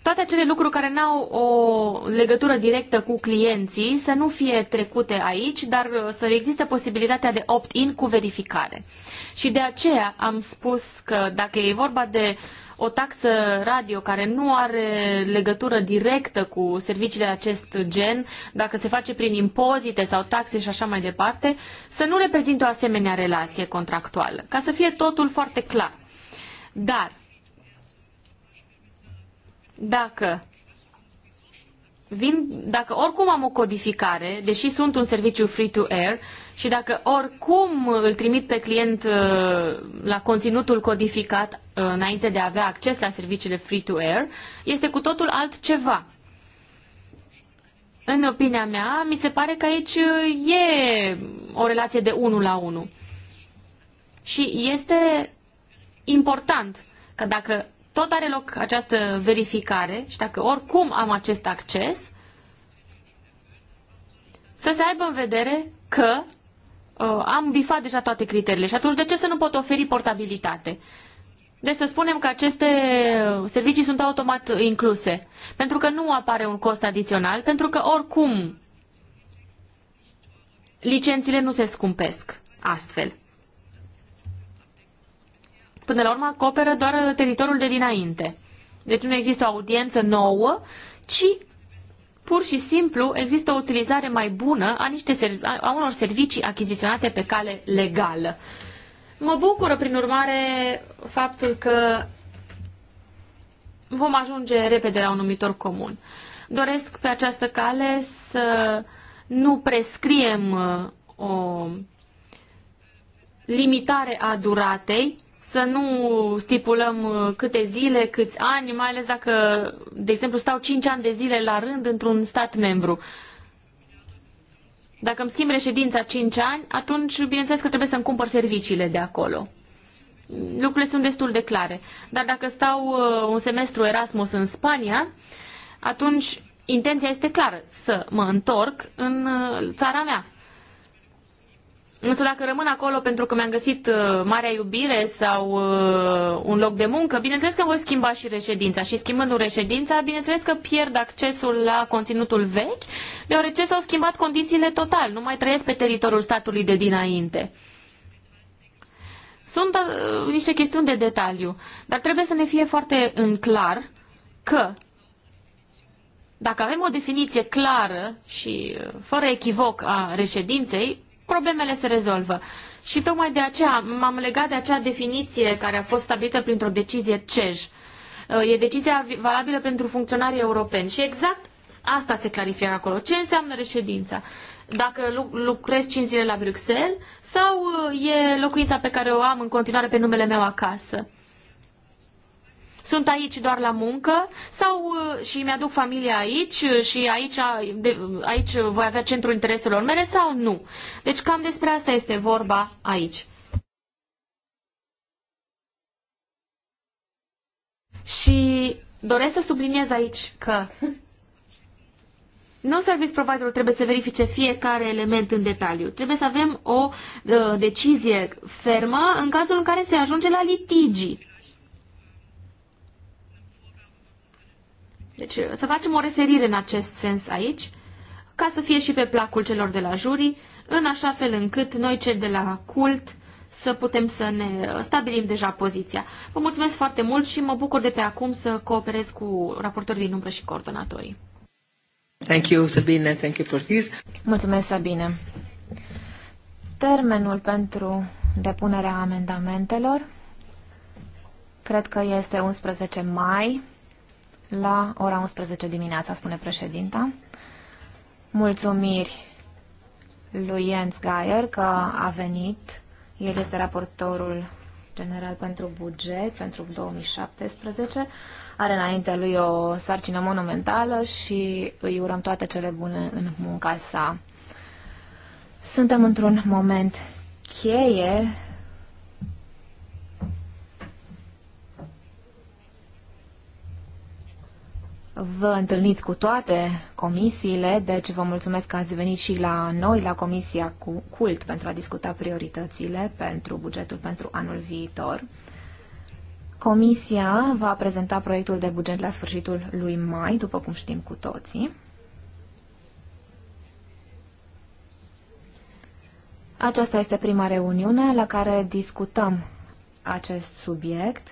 toate acele lucruri care n-au o legătură directă cu clienții să nu fie trecute aici, dar uh, să existe posibilitatea de opt-in cu verificare. Și de aceea am spus că dacă e vorba de o taxă radio care nu are legătură directă cu serviciile de acest gen, dacă se face prin impozite sau taxe și așa mai departe, să nu reprezinte o asemenea relație contractuală, ca să fie totul foarte clar. Dar dacă vin, dacă oricum am o codificare, deși sunt un serviciu free-to-air, și dacă oricum îl trimit pe client uh, la conținutul codificat uh, înainte de a avea acces la serviciile free-to-air, este cu totul altceva. În opinia mea, mi se pare că aici uh, e o relație de 1 la 1. Și este important că dacă tot are loc această verificare și dacă oricum am acest acces, să se aibă în vedere că uh, am bifat deja toate criteriile și atunci de ce să nu pot oferi portabilitate? Deci să spunem că aceste servicii sunt automat incluse, pentru că nu apare un cost adițional, pentru că oricum licențile nu se scumpesc astfel până la urmă acoperă doar teritoriul de dinainte. Deci nu există o audiență nouă, ci pur și simplu există o utilizare mai bună a, niște, a unor servicii achiziționate pe cale legală. Mă bucură, prin urmare, faptul că vom ajunge repede la un numitor comun. Doresc pe această cale să nu prescriem uh, o limitare a duratei, să nu stipulăm uh, câte zile, câți ani, mai ales dacă, de exemplu, stau 5 ani de zile la rând într-un stat membru. Dacă îmi schimb reședința 5 ani, atunci, bineînțeles că trebuie să-mi cumpăr serviciile de acolo. Lucrurile sunt destul de clare. Dar dacă stau uh, un semestru Erasmus în Spania, atunci intenția este clară, să mă întorc în uh, țara mea. Însă dacă rămân acolo pentru că mi-am găsit uh, marea iubire sau uh, un loc de muncă, bineînțeles că voi schimba și reședința. Și schimbându reședința, bineînțeles că pierd accesul la conținutul vechi, deoarece s-au schimbat condițiile total. Nu mai trăiesc pe teritoriul statului de dinainte. Sunt uh, niște chestiuni de detaliu, dar trebuie să ne fie foarte în clar că dacă avem o definiție clară și uh, fără echivoc a reședinței, problemele se rezolvă. Și tocmai de aceea m-am legat de acea definiție care a fost stabilită printr-o decizie CEJ. Uh, e decizia valabilă pentru funcționarii europeni și exact asta se clarifică acolo. Ce înseamnă reședința? Dacă lucrez 5 zile la Bruxelles sau uh, e locuința pe care o am în continuare pe numele meu acasă? sunt aici doar la muncă sau uh, și mi-aduc familia aici uh, și aici, aici voi avea centrul intereselor mele sau nu. Deci cam despre asta este vorba aici. Și doresc să subliniez aici că nu service providerul trebuie să verifice fiecare element în detaliu. Trebuie să avem o uh, decizie fermă în cazul în care se ajunge la litigii. Deci uh, să facem o referire în acest sens aici, ca să fie și pe placul celor de la jurii, în așa fel încât noi cei de la cult să putem să ne uh, stabilim deja poziția. Vă mulțumesc foarte mult și mă bucur de pe acum să cooperez cu raportorii din umbră și coordonatorii. Thank you, Sabine. Thank you for this. Mulțumesc, Sabine. Termenul pentru depunerea amendamentelor cred că este 11 mai la ora 11 dimineața, spune președinta. Mulțumiri lui Jens Geier că a venit. El este raportorul general pentru buget pentru 2017. Are înaintea lui o sarcină monumentală și îi urăm toate cele bune în munca sa. Suntem într-un moment cheie vă întâlniți cu toate comisiile, deci vă mulțumesc că ați venit și la noi, la Comisia cu Cult, pentru a discuta prioritățile pentru bugetul pentru anul viitor. Comisia va prezenta proiectul de buget la sfârșitul lui mai, după cum știm cu toții. Aceasta este prima reuniune la care discutăm acest subiect.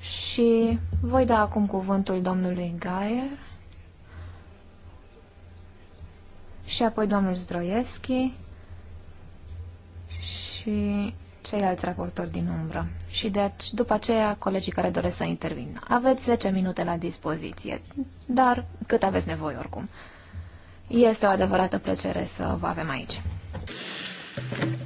Și voi da acum cuvântul domnului Gaier și apoi domnul Zdroieschi și ceilalți raportori din umbră. Și deci, după aceea, colegii care doresc să intervină. Aveți 10 minute la dispoziție, dar cât aveți nevoie oricum. Este o adevărată plăcere să vă avem aici.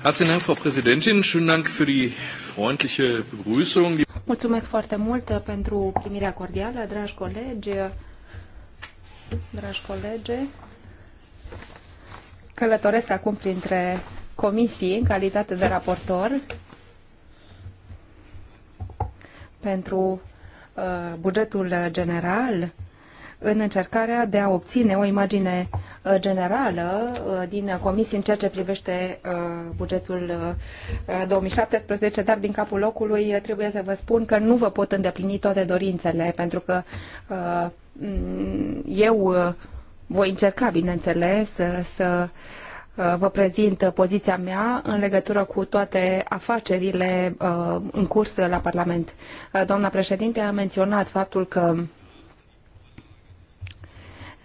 Herzlichen Dank, Frau Präsidentin. Schönen Dank für die freundliche Begrüßung. Mulțumesc foarte mult uh, pentru primirea cordială, dragi colegi, uh, dragi colege. Călătoresc acum printre comisii în calitate de raportor pentru uh, bugetul general în încercarea de a obține o imagine uh, generală uh, din comisie în ceea ce privește uh, bugetul 2017, dar din capul locului trebuie să vă spun că nu vă pot îndeplini toate dorințele, pentru că mm, eu voi încerca, bineînțeles, să, să vă prezint poziția mea în legătură cu toate afacerile în curs la Parlament. Doamna președinte a menționat faptul că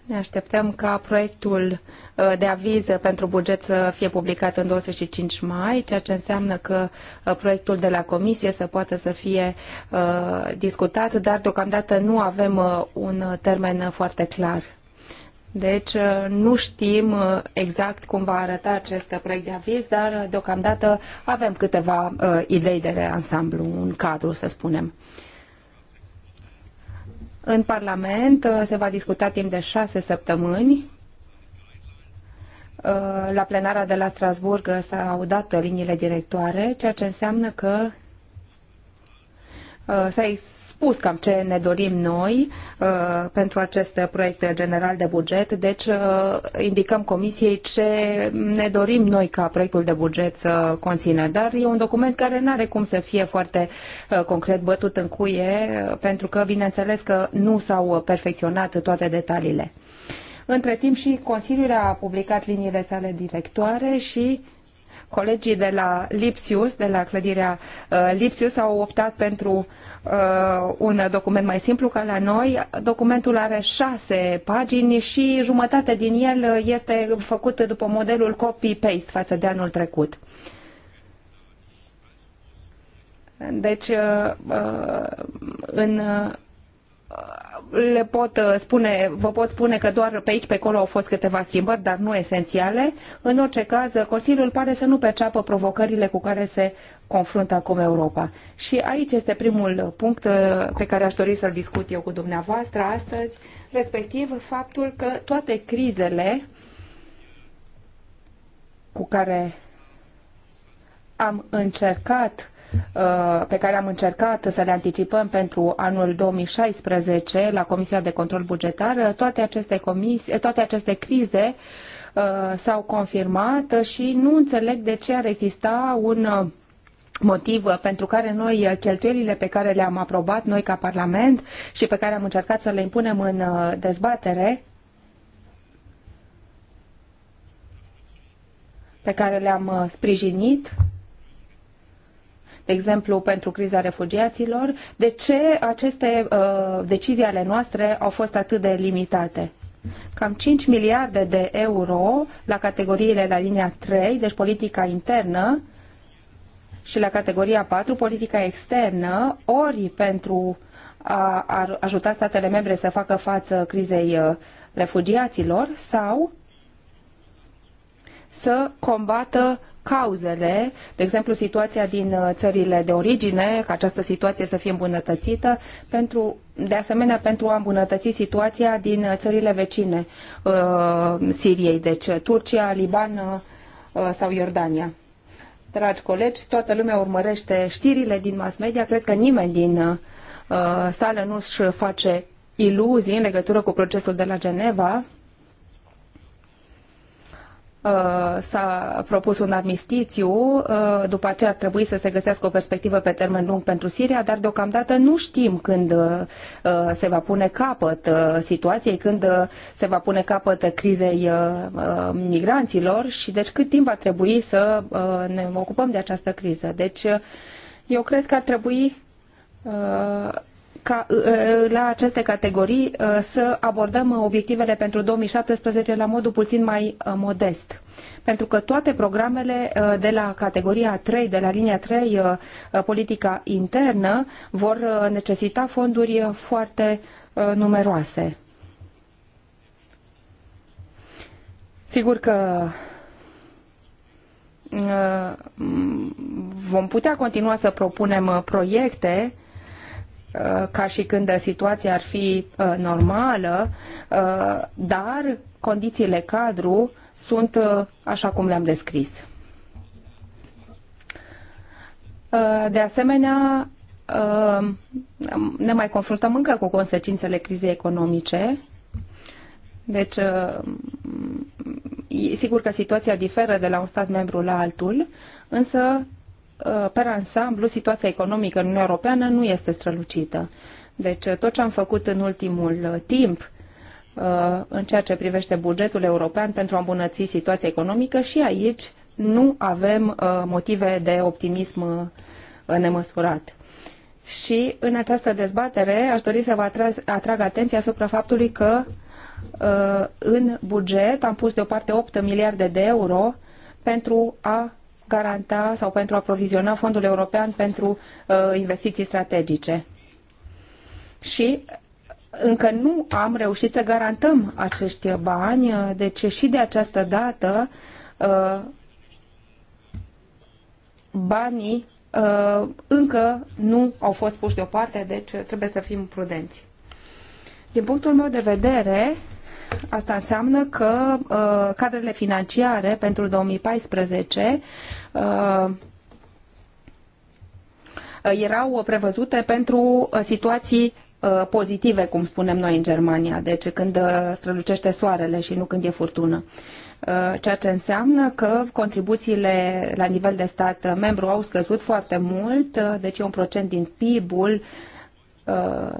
ne așteptăm ca proiectul uh, de aviz pentru buget să fie publicat în 25 mai, ceea ce înseamnă că uh, proiectul de la comisie să poată să fie uh, discutat, dar deocamdată nu avem un termen foarte clar. Deci nu știm exact cum va arăta acest proiect de aviz, dar deocamdată avem câteva idei de ansamblu, un cadru, să spunem. În Parlament uh, se va discuta timp de șase săptămâni. Uh, la plenara de la Strasburg uh, s-au dat liniile directoare, ceea ce înseamnă că s-a spus cam ce ne dorim noi uh, pentru acest proiect general de buget, deci uh, indicăm Comisiei ce ne dorim noi ca proiectul de buget să conțină, dar e un document care nu are cum să fie foarte uh, concret bătut în cuie, pentru că, bineînțeles, că nu s-au perfecționat toate detaliile. Între timp și Consiliul a publicat liniile sale directoare și colegii de la Lipsius, de la clădirea Lipsius, au optat pentru uh, un document mai simplu ca la noi. Documentul are șase pagini și jumătate din el este făcut după modelul copy-paste față de anul trecut. Deci, uh, uh în uh, le pot spune, vă pot spune că doar pe aici, pe acolo au fost câteva schimbări, dar nu esențiale. În orice caz, Consiliul pare să nu perceapă provocările cu care se confruntă acum Europa. Și aici este primul punct uh, pe care aș dori să-l discut eu cu dumneavoastră astăzi, respectiv faptul că toate crizele cu care am încercat uh, pe care am încercat să le anticipăm pentru anul 2016 la Comisia de Control Bugetar, uh, toate aceste, comisi, toate aceste crize s-au confirmat și nu înțeleg de ce ar exista un motiv uh, pentru care noi uh, cheltuielile pe care le-am aprobat noi ca Parlament și pe care am încercat să le impunem în uh, dezbatere, pe care le-am sprijinit, de exemplu pentru criza refugiaților, de ce aceste uh, decizii ale noastre au fost atât de limitate? Cam 5 miliarde de euro la categoriile la linia 3, deci politica internă, uh, și la categoria 4, politica externă, ori pentru a ajuta statele membre să facă față crizei uh, refugiaților sau să combată cauzele, de exemplu situația din uh, țările de origine, ca această situație să fie îmbunătățită, pentru, de asemenea pentru a îmbunătăți situația din uh, țările vecine uh, Siriei, deci Turcia, Liban uh, sau Iordania dragi colegi, toată lumea urmărește știrile din mass media. Cred că nimeni din uh, sală nu și face iluzii în legătură cu procesul de la Geneva. Uh, s-a propus un armistițiu, uh, după aceea ar trebui să se găsească o perspectivă pe termen lung pentru Siria, dar deocamdată nu știm când uh, se va pune capăt situației, când se va pune capăt crizei migranților și deci cât timp va trebui să ne ocupăm de această criză. Deci eu cred că ar trebui ca uh, la aceste categorii uh, să abordăm obiectivele pentru 2017 la modul puțin mai uh, modest. Pentru că toate programele de la categoria 3, de la linia 3, politica internă, vor necesita fonduri foarte numeroase. Sigur că vom putea continua să propunem proiecte Uh, ca și când situația ar fi uh, normală, uh, dar condițiile cadru sunt așa cum le-am descris. De asemenea, ne mai confruntăm încă cu consecințele crizei economice. Deci, sigur că situația diferă de la un stat membru la altul, însă Uh, per ansamblu, situația economică în Uniunea Europeană nu este strălucită. Deci uh, tot ce am făcut în ultimul uh, timp în ceea ce privește bugetul european pentru a îmbunătăți situația economică și aici nu avem motive de optimism nemăsurat. Și în această dezbatere aș dori să vă atrag atenția asupra faptului că în buget am pus deoparte 8 miliarde de euro pentru a garanta sau pentru a proviziona Fondul European pentru uh, Investiții Strategice. Și încă nu am reușit să garantăm acești bani, uh, deci și de această dată uh, banii încă nu au fost puși deoparte, deci trebuie să fim prudenți. Din punctul meu de vedere, Asta înseamnă că uh, cadrele financiare pentru 2014 uh, uh, erau prevăzute pentru uh, situații uh, pozitive, cum spunem noi în Germania, deci când strălucește soarele și nu când e furtună. Ceea ce înseamnă că contribuțiile la nivel de stat membru au scăzut foarte mult, deci e un procent din PIB-ul uh, Uh,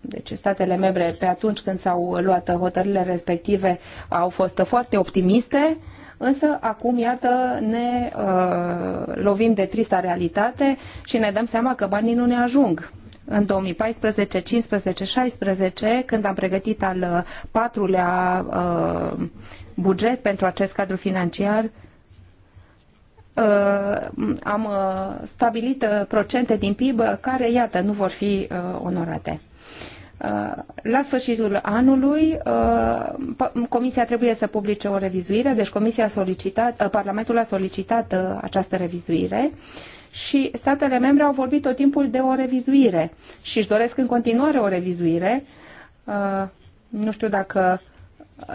deci statele membre pe atunci când s-au luat hotărârile respective au fost foarte optimiste, însă acum, iată, ne uh, lovim de trista realitate și ne dăm seama că banii nu ne ajung. În 2014, 15, 16, când am pregătit al patrulea uh, buget pentru acest cadru financiar, Uh, am uh, stabilit uh, procente din PIB care, iată, nu vor fi onorate. La sfârșitul anului, Comisia trebuie să publice o revizuire, deci Comisia a solicitat, Parlamentul a solicitat această revizuire și statele membre au vorbit tot timpul de o revizuire și își doresc în continuare o revizuire. Nu știu dacă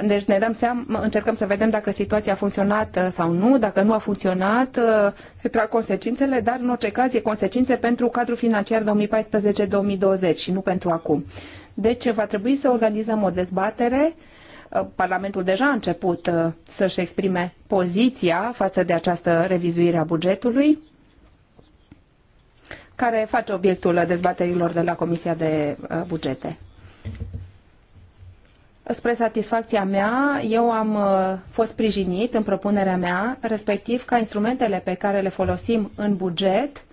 deci ne dăm seama, încercăm să vedem dacă situația a funcționat uh, sau nu, dacă nu a funcționat, uh, se trag consecințele, dar în orice caz e consecințe pentru cadrul financiar 2014-2020 și nu pentru acum. Deci va trebui să organizăm o dezbatere. Uh, Parlamentul deja a început să-și exprime poziția față de această revizuire a bugetului care face obiectul dezbaterilor de la Comisia de Bugete. Spre satisfacția mea, eu am uh, fost sprijinit în propunerea mea, respectiv ca instrumentele pe care le folosim în buget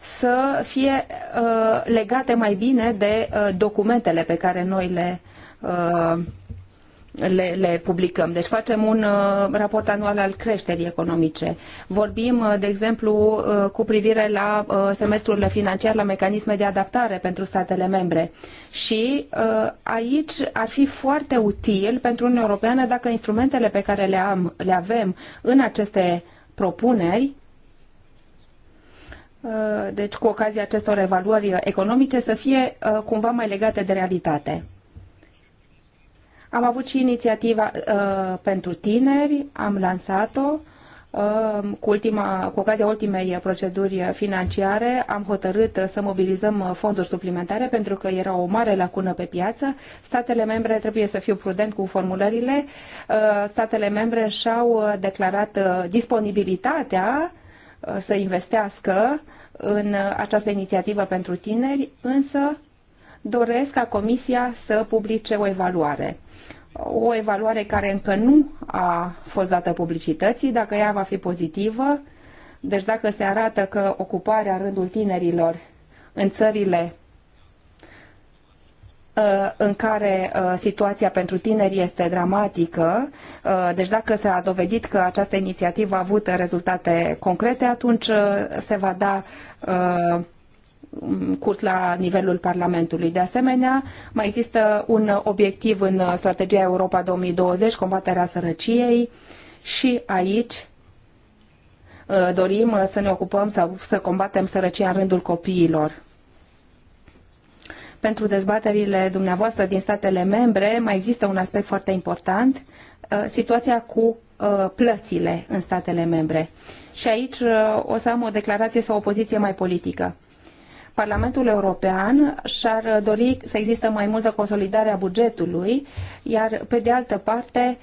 să fie uh, legate mai bine de uh, documentele pe care noi le le, le publicăm. Deci facem un uh, raport anual al creșterii economice. Vorbim, uh, de exemplu, uh, cu privire la semestrul financiar, la mecanisme de adaptare pentru statele membre. Și aici ar fi foarte util pentru Uniunea Europeană dacă instrumentele pe care le, am, le avem în aceste propuneri deci cu ocazia acestor evaluări economice să fie cumva mai legate de realitate. Am avut și inițiativa uh, pentru tineri, am lansat-o uh, cu, ultima, cu ocazia ultimei proceduri financiare am hotărât să mobilizăm fonduri suplimentare pentru că era o mare lacună pe piață. Statele membre trebuie să fiu prudent cu formulările. Uh, statele membre și-au uh, declarat disponibilitatea să investească în această inițiativă pentru tineri, însă doresc ca Comisia să publice o evaluare o evaluare care încă nu a fost dată publicității, dacă ea va fi pozitivă, deci dacă se arată că ocuparea rândul tinerilor în țările uh, în care uh, situația pentru tineri este dramatică, uh, deci dacă s-a dovedit că această inițiativă a avut rezultate concrete, atunci se va da Mm, curs la nivelul Parlamentului. De asemenea, mai există un obiectiv în strategia Europa 2020, combaterea sărăciei și aici uh, dorim să ne ocupăm sau să combatem sărăcia în rândul copiilor. Pentru dezbaterile dumneavoastră din statele membre mai există un aspect foarte important, uh, situația cu uh, plățile în statele membre. Și aici o să am o declarație sau o poziție mai politică. Parlamentul European și-ar dori să există mai multă consolidare a bugetului, iar pe de altă parte,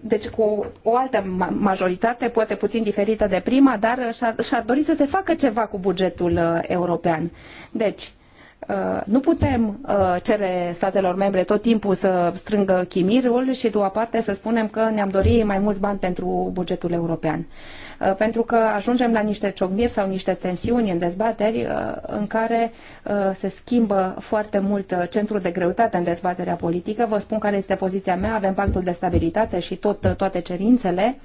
deci cu o altă majoritate, poate puțin diferită de prima, dar și-ar, și dori să se facă ceva cu bugetul uh, european. Deci, Uh, nu putem uh, cere statelor membre tot timpul să strângă chimirul și, după parte, să spunem că ne-am dorit mai mulți bani pentru bugetul european. Uh, pentru că ajungem la niște ciocniri sau niște tensiuni în dezbateri în care se schimbă foarte mult centrul de greutate în dezbaterea politică. Vă spun care este poziția mea, avem pactul de stabilitate și tot, toate cerințele,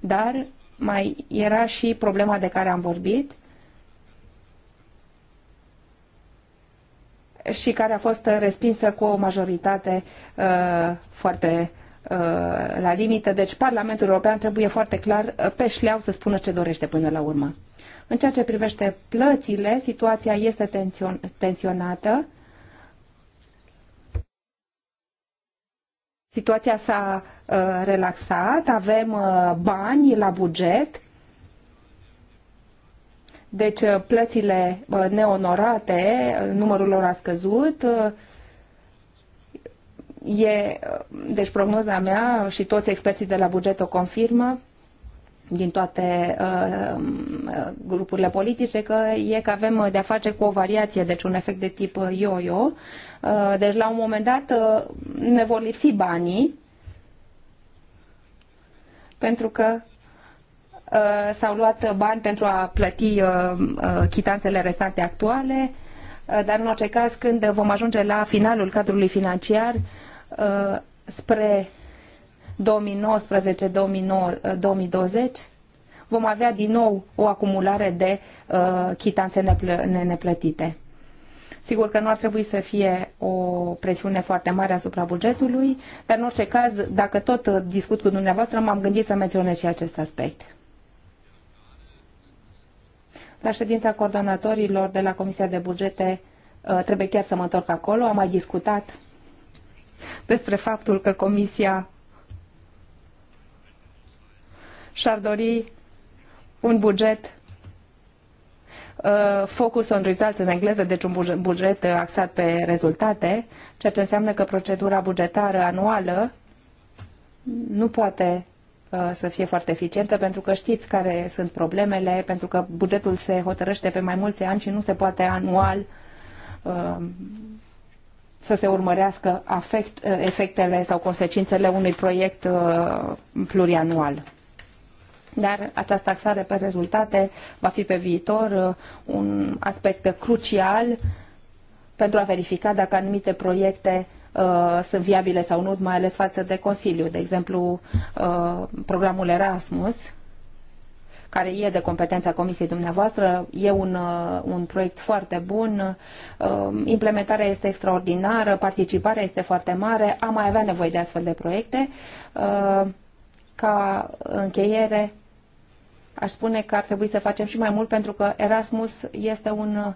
dar mai era și problema de care am vorbit, și care a fost respinsă cu o majoritate uh, foarte uh, la limită. Deci Parlamentul European trebuie foarte clar uh, pe șleau să spună ce dorește până la urmă. În ceea ce privește plățile, situația este tension tensionată. Situația s-a uh, relaxat, avem uh, bani la buget, deci uh, plățile uh, neonorate, uh, numărul lor a scăzut. E, deci prognoza mea și toți experții de la buget o confirmă din toate uh, grupurile politice că e că avem de-a face cu o variație, deci un efect de tip yo-yo. Uh, deci la un moment dat uh, ne vor lipsi banii pentru că Uh, s-au luat bani pentru a plăti uh, uh, chitanțele restante actuale, dar în orice caz, când vom ajunge la finalul cadrului financiar, spre 2019-2020, vom avea din nou o acumulare de chitanțe neplătite. Sigur că nu ar trebui să fie o presiune foarte mare asupra bugetului, dar în orice caz, dacă tot discut cu dumneavoastră, m-am gândit să menționez și acest aspect. La ședința coordonatorilor de la Comisia de Bugete uh, trebuie chiar să mă întorc acolo. Am mai discutat despre faptul că Comisia și-ar dori un buget uh, focus on results în engleză, deci un buget uh, axat pe rezultate, ceea ce înseamnă că procedura bugetară anuală nu poate Uh, să fie foarte eficientă, pentru că știți care sunt problemele, pentru că bugetul se hotărăște pe mai mulți ani și nu se poate anual uh, să se urmărească afect, uh, efectele sau consecințele unui proiect plurianual. Dar această taxare pe rezultate va fi pe viitor un aspect crucial pentru a verifica dacă anumite proiecte uh, Uh, sunt viabile sau nu, mai ales față de Consiliu. De exemplu, uh, programul Erasmus, care e de competența Comisiei dumneavoastră, e un, uh, un proiect foarte bun, implementarea este extraordinară, participarea este foarte mare, am mai avea nevoie de astfel de proiecte. ca încheiere, aș spune că ar trebui să facem și mai mult pentru că Erasmus este un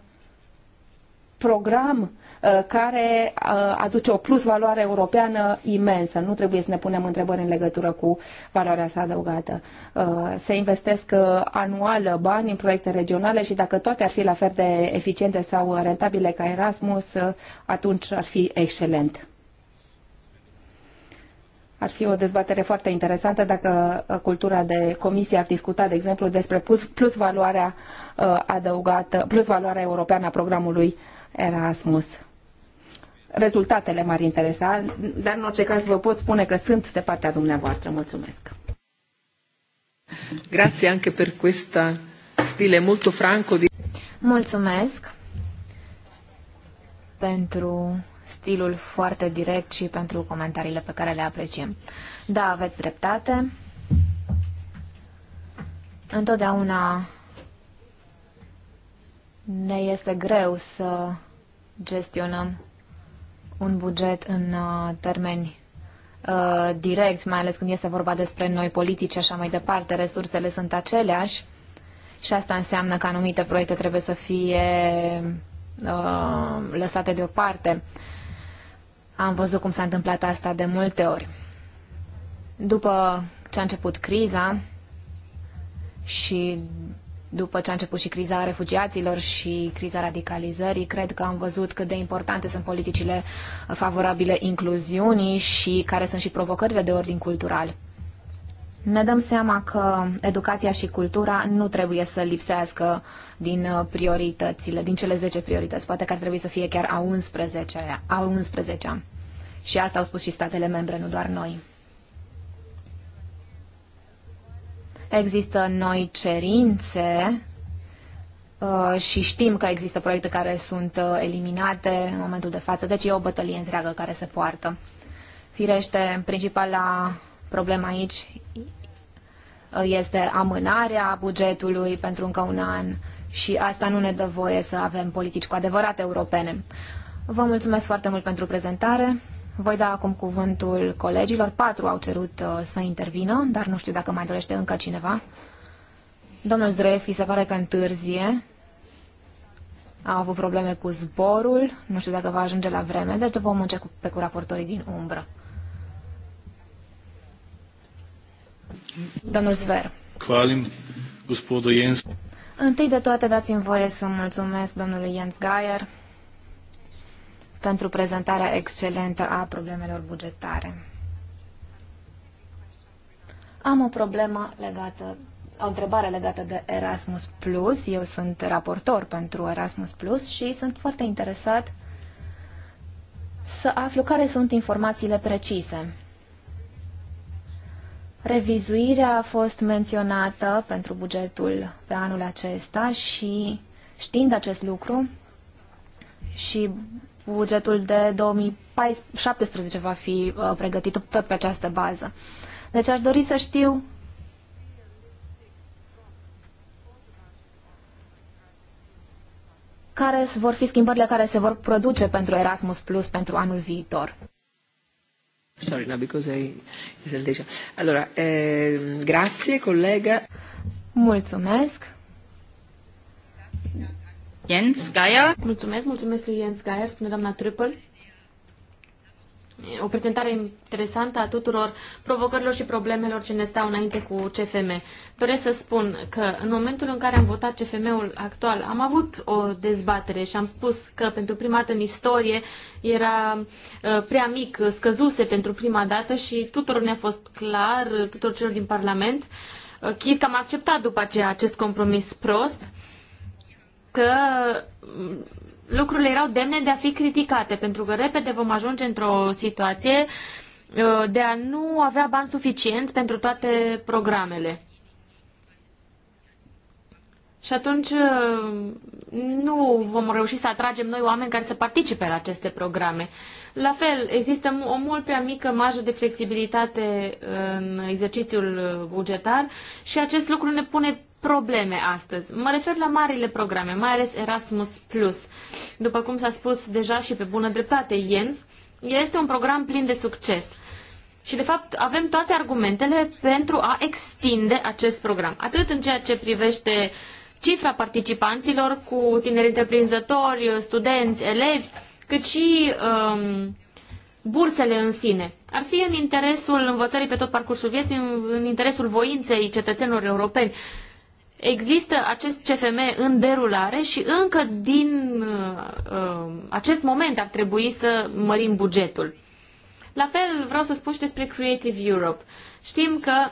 program uh, care uh, aduce o plus valoare europeană imensă. Nu trebuie să ne punem întrebări în legătură cu valoarea sa adăugată. Uh, se investesc anual bani în proiecte regionale și dacă toate ar fi la fel de eficiente sau rentabile ca Erasmus, atunci ar fi excelent. Ar fi o dezbatere foarte interesantă dacă cultura de comisie ar discuta, de exemplu, despre plus, plus valoarea adăugată, plus valoarea europeană a programului Erasmus. Rezultatele m-ar interesa, dar în orice caz vă pot spune că sunt de partea dumneavoastră. Mulțumesc! Grazie anche per questa stile molto franco di... Mulțumesc pentru stilul foarte direct și pentru comentariile pe care le apreciem. Da, aveți dreptate. Întotdeauna ne este greu să gestionăm un buget în uh, termeni uh, direct, mai ales când este vorba despre noi politici și așa mai departe, resursele sunt aceleași și asta înseamnă că anumite proiecte trebuie să fie uh, lăsate deoparte. Am văzut cum s-a întâmplat asta de multe ori. După ce a început criza și după ce a început și criza refugiaților și criza radicalizării, cred că am văzut cât de importante sunt politicile favorabile incluziunii și care sunt și provocările de ordin cultural. Ne dăm seama că educația și cultura nu trebuie să lipsească din prioritățile, din cele 10 priorități. Poate că ar trebui să fie chiar a 11-a. A 11 -a. Și asta au spus și statele membre, nu doar noi. Există noi cerințe uh, și știm că există proiecte care sunt uh, eliminate în momentul de față, deci e o bătălie întreagă care se poartă. Firește, principala problemă aici uh, este amânarea bugetului pentru încă un an și asta nu ne dă voie să avem politici cu adevărat europene. Vă mulțumesc foarte mult pentru prezentare. Voi da acum cuvântul colegilor. Patru au cerut uh, să intervină, dar nu știu dacă mai dorește încă cineva. Domnul Zdroieschi se pare că întârzie. A avut probleme cu zborul. Nu știu dacă va ajunge la vreme, deci vom începe cu, pe cu raportorii din umbră. Domnul Sver. Hvalim, gospodul Jens. Întâi de toate dați-mi voie să mulțumesc domnului Jens Geier pentru prezentarea excelentă a problemelor bugetare. Am o problemă legată, o întrebare legată de Erasmus Plus. Eu sunt raportor pentru Erasmus Plus și sunt foarte interesat să aflu care sunt informațiile precise. Revizuirea a fost menționată pentru bugetul pe anul acesta și știind acest lucru și bugetul de 2017 va fi uh, pregătit tot pe această bază. Deci aș dori să știu care vor fi schimbările care se vor produce pentru Erasmus Plus pentru anul viitor. Sorry, no, because I... Allora, eh, grazie, colega. Mulțumesc. Jens Geier. Mulțumesc, mulțumesc lui Jens Geier, spune doamna Trüppel. O prezentare interesantă a tuturor provocărilor și problemelor ce ne stau înainte cu CFM. Doresc să spun că în momentul în care am votat CFM-ul actual, am avut o dezbatere și am spus că pentru prima dată în istorie era uh, prea mic, scăzuse pentru prima dată și tuturor ne-a fost clar, tuturor celor din Parlament, uh, chit că am acceptat după aceea acest compromis prost, că mm, lucrurile erau demne de a fi criticate, pentru că repede vom ajunge într-o situație uh, de a nu avea bani suficient pentru toate programele. Și atunci uh, nu vom reuși să atragem noi oameni care să participe la aceste programe. La fel, există o mult prea mică marjă de flexibilitate în exercițiul uh, bugetar și acest lucru ne pune probleme astăzi. Mă refer la marile programe, mai ales Erasmus+. Plus. După cum s-a spus deja și pe bună dreptate Jens, este un program plin de succes. Și, de fapt, avem toate argumentele pentru a extinde acest program, atât în ceea ce privește cifra participanților cu tineri întreprinzători, studenți, elevi, cât și um, bursele în sine. Ar fi în interesul învățării pe tot parcursul vieții, în, interesul voinței cetățenilor europeni Există acest CFM în derulare și încă din uh, uh, acest moment ar trebui să mărim bugetul. La fel vreau să spun și despre Creative Europe. Știm că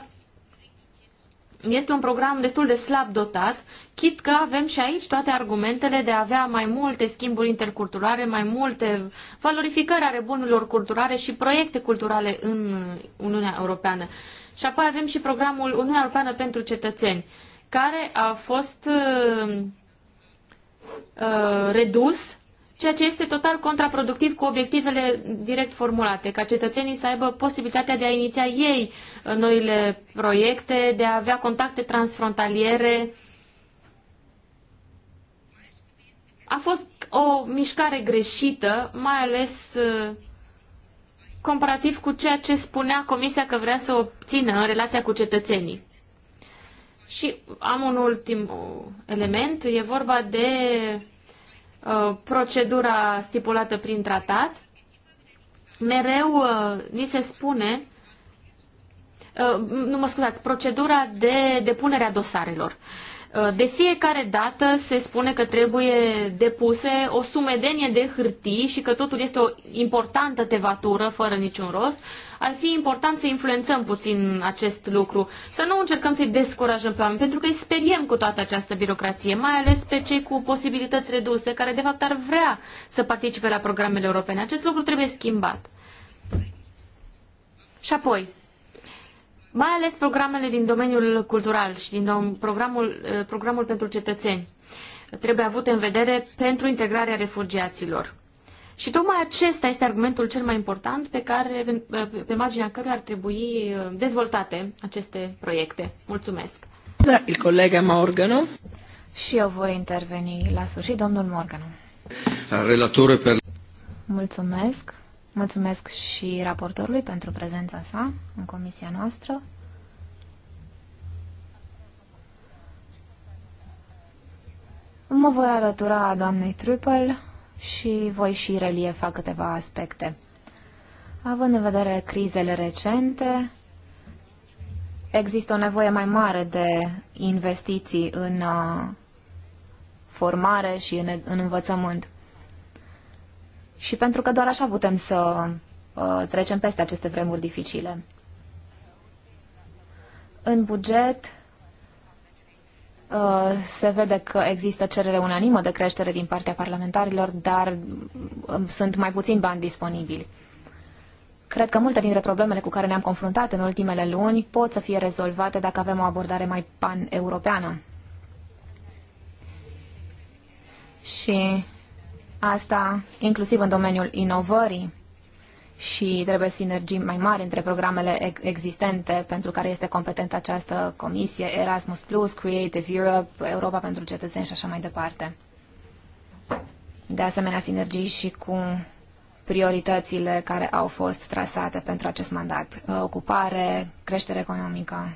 este un program destul de slab dotat, chit că avem și aici toate argumentele de a avea mai multe schimburi interculturale, mai multe valorificări ale bunurilor culturale și proiecte culturale în Uniunea Europeană. Și apoi avem și programul Uniunea Europeană pentru cetățeni. Uh, care a fost uh, uh, redus, ceea ce este total contraproductiv cu obiectivele direct formulate, ca cetățenii să aibă posibilitatea de a iniția ei uh, noile proiecte, de a avea contacte transfrontaliere. A fost o mișcare greșită, mai ales uh, comparativ cu ceea ce spunea Comisia că vrea să obțină în relația cu cetățenii. Și am un ultim element, e vorba de uh, procedura stipulată prin tratat. Mereu uh, ni se spune Uh, nu mă scuzați, procedura de depunere a dosarelor. Uh, de fiecare dată se spune că trebuie depuse o sumedenie de hârtii și că totul este o importantă tevatură fără niciun rost. Ar fi important să influențăm puțin acest lucru, să nu încercăm să-i descurajăm pe oameni, pentru că îi speriem cu toată această birocrație, mai ales pe cei cu posibilități reduse, care de fapt ar vrea să participe la programele europene. Acest lucru trebuie schimbat. Și apoi, mai ales programele din domeniul cultural și din programul, eh, programul pentru cetățeni trebuie avute în vedere pentru integrarea refugiaților. Și tocmai acesta este argumentul cel mai important pe, care, eh, pe marginea căruia ar trebui eh, dezvoltate aceste proiecte. Mulțumesc! Il collega Morgano. Și eu voi interveni la sfârșit, domnul Morgano. Relatore per... Mulțumesc! Mulțumesc și raportorului pentru prezența sa în comisia noastră. Mă voi alătura doamnei Trupel și voi și reliefa câteva aspecte. Având în vedere crizele recente, există o nevoie mai mare de investiții în uh, formare și în învățământ și pentru că doar așa putem să uh, trecem peste aceste vremuri dificile. În buget uh, se vede că există cerere unanimă de creștere din partea parlamentarilor, dar uh, sunt mai puțini bani disponibili. Cred că multe dintre problemele cu care ne-am confruntat în ultimele luni pot să fie rezolvate dacă avem o abordare mai pan-europeană. Și Asta inclusiv în domeniul inovării și trebuie sinergii mai mari între programele existente pentru care este competentă această comisie, Erasmus+, Plus, Creative Europe, Europa pentru cetățeni și așa mai departe. De asemenea, sinergii și cu prioritățile care au fost trasate pentru acest mandat. Uh, ocupare, creștere economică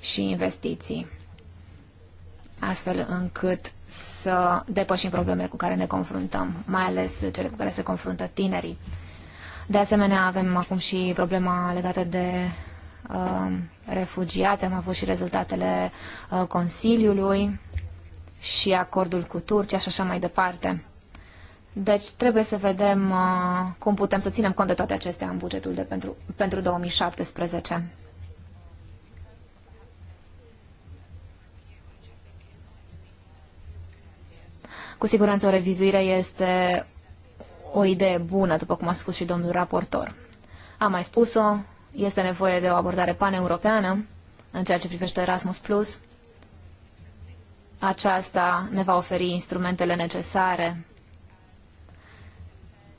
și investiții, astfel încât să depășim problemele cu care ne confruntăm, mai ales cele cu care se confruntă tinerii. De asemenea, avem acum și problema legată de uh, refugiate. am avut și rezultatele uh, Consiliului și acordul cu Turcia și așa mai departe. Deci trebuie să vedem uh, cum putem să ținem cont de toate acestea în bugetul de pentru, pentru 2017. Cu siguranță o revizuire este o idee bună, după cum a spus și domnul raportor. Am mai spus-o, este nevoie de o abordare paneuropeană în ceea ce privește Erasmus+. Plus. Aceasta ne va oferi instrumentele necesare.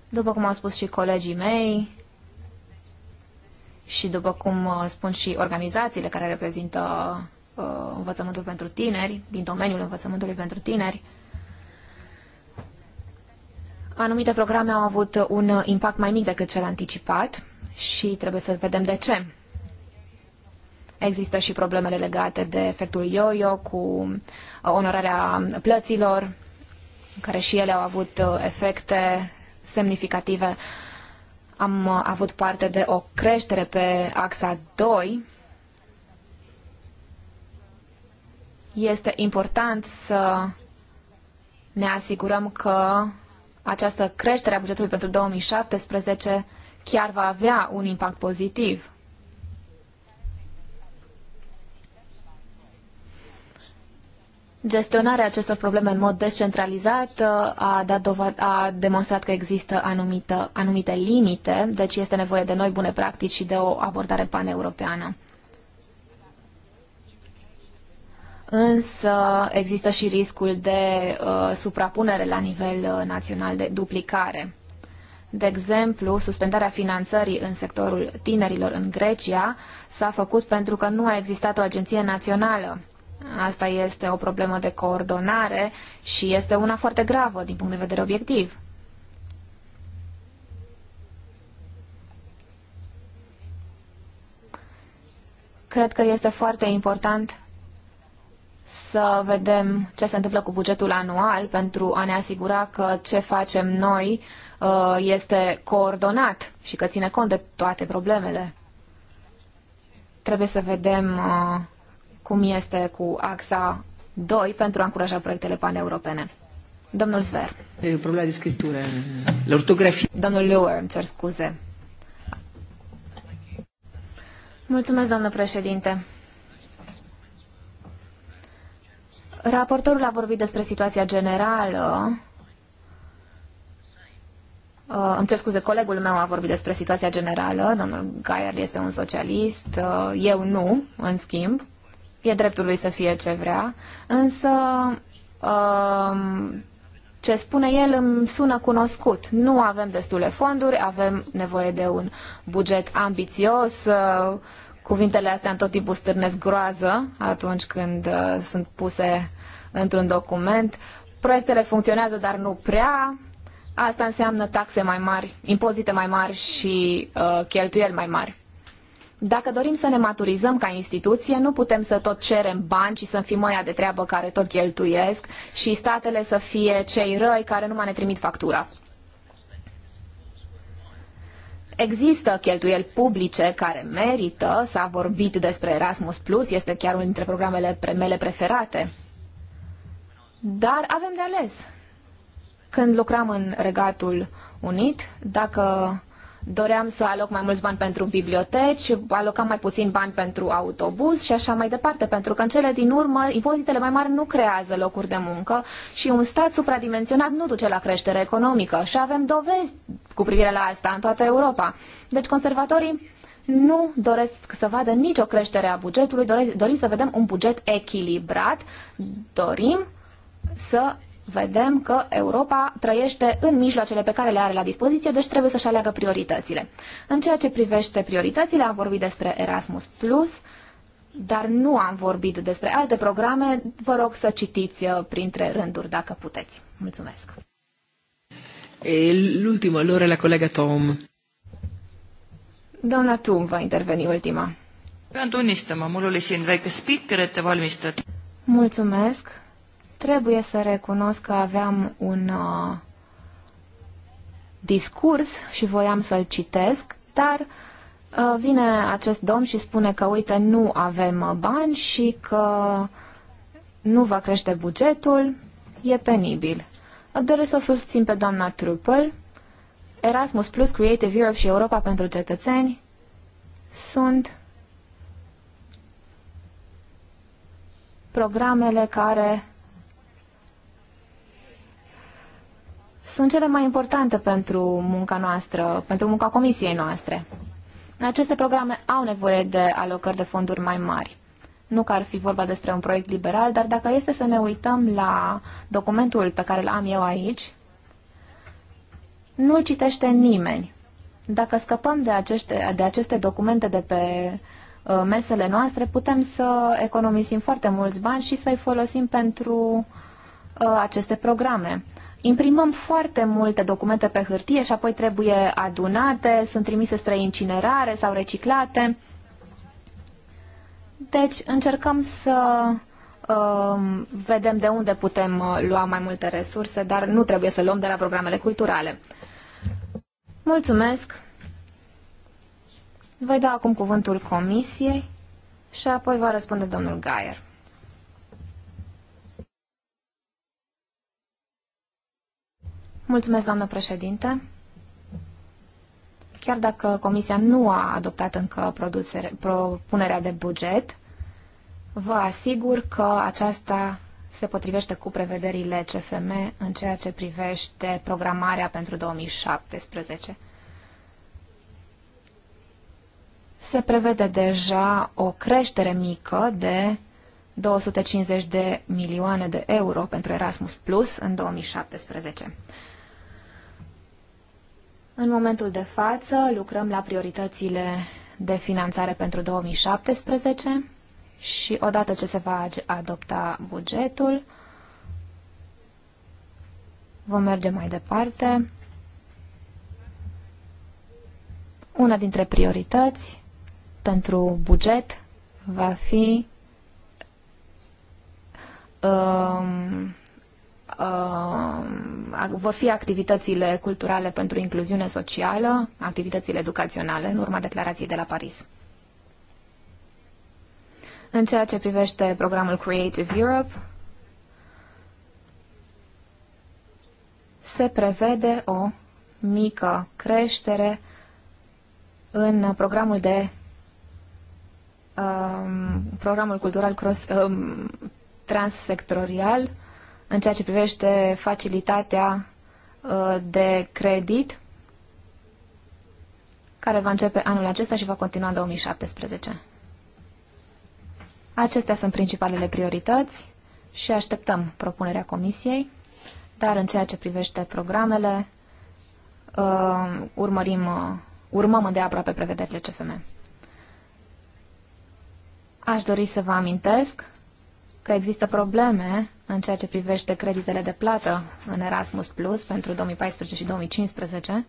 După cum au spus și colegii mei și după cum uh, spun și organizațiile care reprezintă uh, învățământul pentru tineri, din domeniul învățământului pentru tineri, Anumite programe au avut un impact mai mic decât cel anticipat și trebuie să vedem de ce. Există și problemele legate de efectul yo-yo cu onorarea plăților, care și ele au avut uh, efecte semnificative. Am uh, avut parte de o creștere pe axa 2. Este important să ne asigurăm că această creștere a bugetului pentru 2017 chiar va avea un impact pozitiv. Gestionarea acestor probleme în mod descentralizat uh, a, dat dovad, a demonstrat că există anumită, anumite limite, deci este nevoie de noi bune practici și de o abordare paneuropeană. însă există și riscul de uh, suprapunere la nivel uh, național de duplicare. De exemplu, suspendarea finanțării în sectorul tinerilor în Grecia s-a făcut pentru că nu a existat o agenție națională. Asta este o problemă de coordonare și este una foarte gravă din punct de vedere obiectiv. Cred că este foarte important să vedem ce se întâmplă cu bugetul anual pentru a ne asigura că ce facem noi uh, este coordonat și că ține cont de toate problemele. Trebuie să vedem uh, cum este cu axa 2 pentru a încuraja proiectele paneuropene. Domnul Sver. E problema de scriptură, la ortografie. Domnul Lewer, îmi cer scuze. Mulțumesc, doamnă președinte. Raportorul a vorbit despre situația generală. Uh, îmi cer scuze, colegul meu a vorbit despre situația generală. Domnul Gaier este un socialist, uh, eu nu, în schimb. E dreptul lui să fie ce vrea. Însă uh, ce spune el îmi sună cunoscut. Nu avem destule fonduri, avem nevoie de un buget ambițios, Cuvintele astea în tot timpul stârnesc groază atunci când uh, sunt puse într-un document. Proiectele funcționează, dar nu prea. Asta înseamnă taxe mai mari, impozite mai mari și uh, cheltuieli mai mari. Dacă dorim să ne maturizăm ca instituție, nu putem să tot cerem bani și să fim ăia de treabă care tot cheltuiesc și statele să fie cei răi care nu mai ne trimit factura. Există cheltuieli publice care merită, s-a vorbit despre Erasmus+, Plus, este chiar unul dintre programele mele preferate. Dar avem de ales. Când lucram în Regatul Unit, dacă doream să aloc mai mulți bani pentru biblioteci, alocam mai puțin bani pentru autobuz și așa mai departe, pentru că în cele din urmă impozitele mai mari nu creează locuri de muncă și un stat supradimensionat nu duce la creștere economică și avem dovezi cu privire la asta în toată Europa. Deci conservatorii nu doresc să vadă nicio creștere a bugetului, dorim să vedem un buget echilibrat, dorim să vedem că Europa trăiește în mijloacele pe care le are la dispoziție, deci trebuie să-și aleagă prioritățile. În ceea ce privește prioritățile, am vorbit despre Erasmus+, Plus, dar nu am vorbit despre alte programe. Vă rog să citiți uh, printre rânduri, dacă puteți. Mulțumesc! L'ultimo, allora la colega Tom. Donna Tom va interveni ultima. Pean tunnistama, mul oli siin väike spikker ette valmistatud. Mulțumesc. Trebuie să recunosc că aveam un uh, discurs și voiam să-l citesc, dar uh, vine acest domn și spune că, uite, nu avem uh, bani și că nu va crește bugetul, e penibil. Doresc să o susțin pe doamna Truppel. Erasmus Plus, Creative Europe și Europa pentru cetățeni sunt programele care sunt cele mai importante pentru munca noastră, pentru munca comisiei noastre. Aceste programe au nevoie de alocări de fonduri mai mari. Nu că ar fi vorba despre un proiect liberal, dar dacă este să ne uităm la documentul pe care îl am eu aici, nu-l citește nimeni. Dacă scăpăm de aceste, de aceste documente de pe uh, mesele noastre, putem să economisim foarte mulți bani și să-i folosim pentru uh, aceste programe. Imprimăm foarte multe documente pe hârtie și apoi trebuie adunate, sunt trimise spre incinerare sau reciclate. Deci încercăm să uh, vedem de unde putem uh, lua mai multe resurse, dar nu trebuie să luăm de la programele culturale. Mulțumesc! Voi da acum cuvântul comisiei și apoi va răspunde domnul Gaier. Mulțumesc, doamnă președinte. Chiar dacă Comisia nu a adoptat încă propunerea de buget, vă asigur că aceasta se potrivește cu prevederile CFM în ceea ce privește programarea pentru 2017. Se prevede deja o creștere mică de 250 de milioane de euro pentru Erasmus Plus în 2017. În momentul de față lucrăm la prioritățile de finanțare pentru 2017 și odată ce se va adopta bugetul, vom merge mai departe. Una dintre priorități pentru buget va fi um, uh, vor fi activitățile culturale pentru incluziune socială, activitățile educaționale, în urma declarației de la Paris. În ceea ce privește programul Creative Europe, se prevede o mică creștere în programul de um, programul cultural cross, um, transsectorial în ceea ce privește facilitatea uh, de credit care va începe anul acesta și va continua în 2017. Acestea sunt principalele priorități și așteptăm propunerea Comisiei, dar în ceea ce privește programele, uh, urmărim, uh, urmăm îndeaproape prevederile CFM. Aș dori să vă amintesc că există probleme în ceea ce privește creditele de plată în Erasmus Plus pentru 2014 și 2015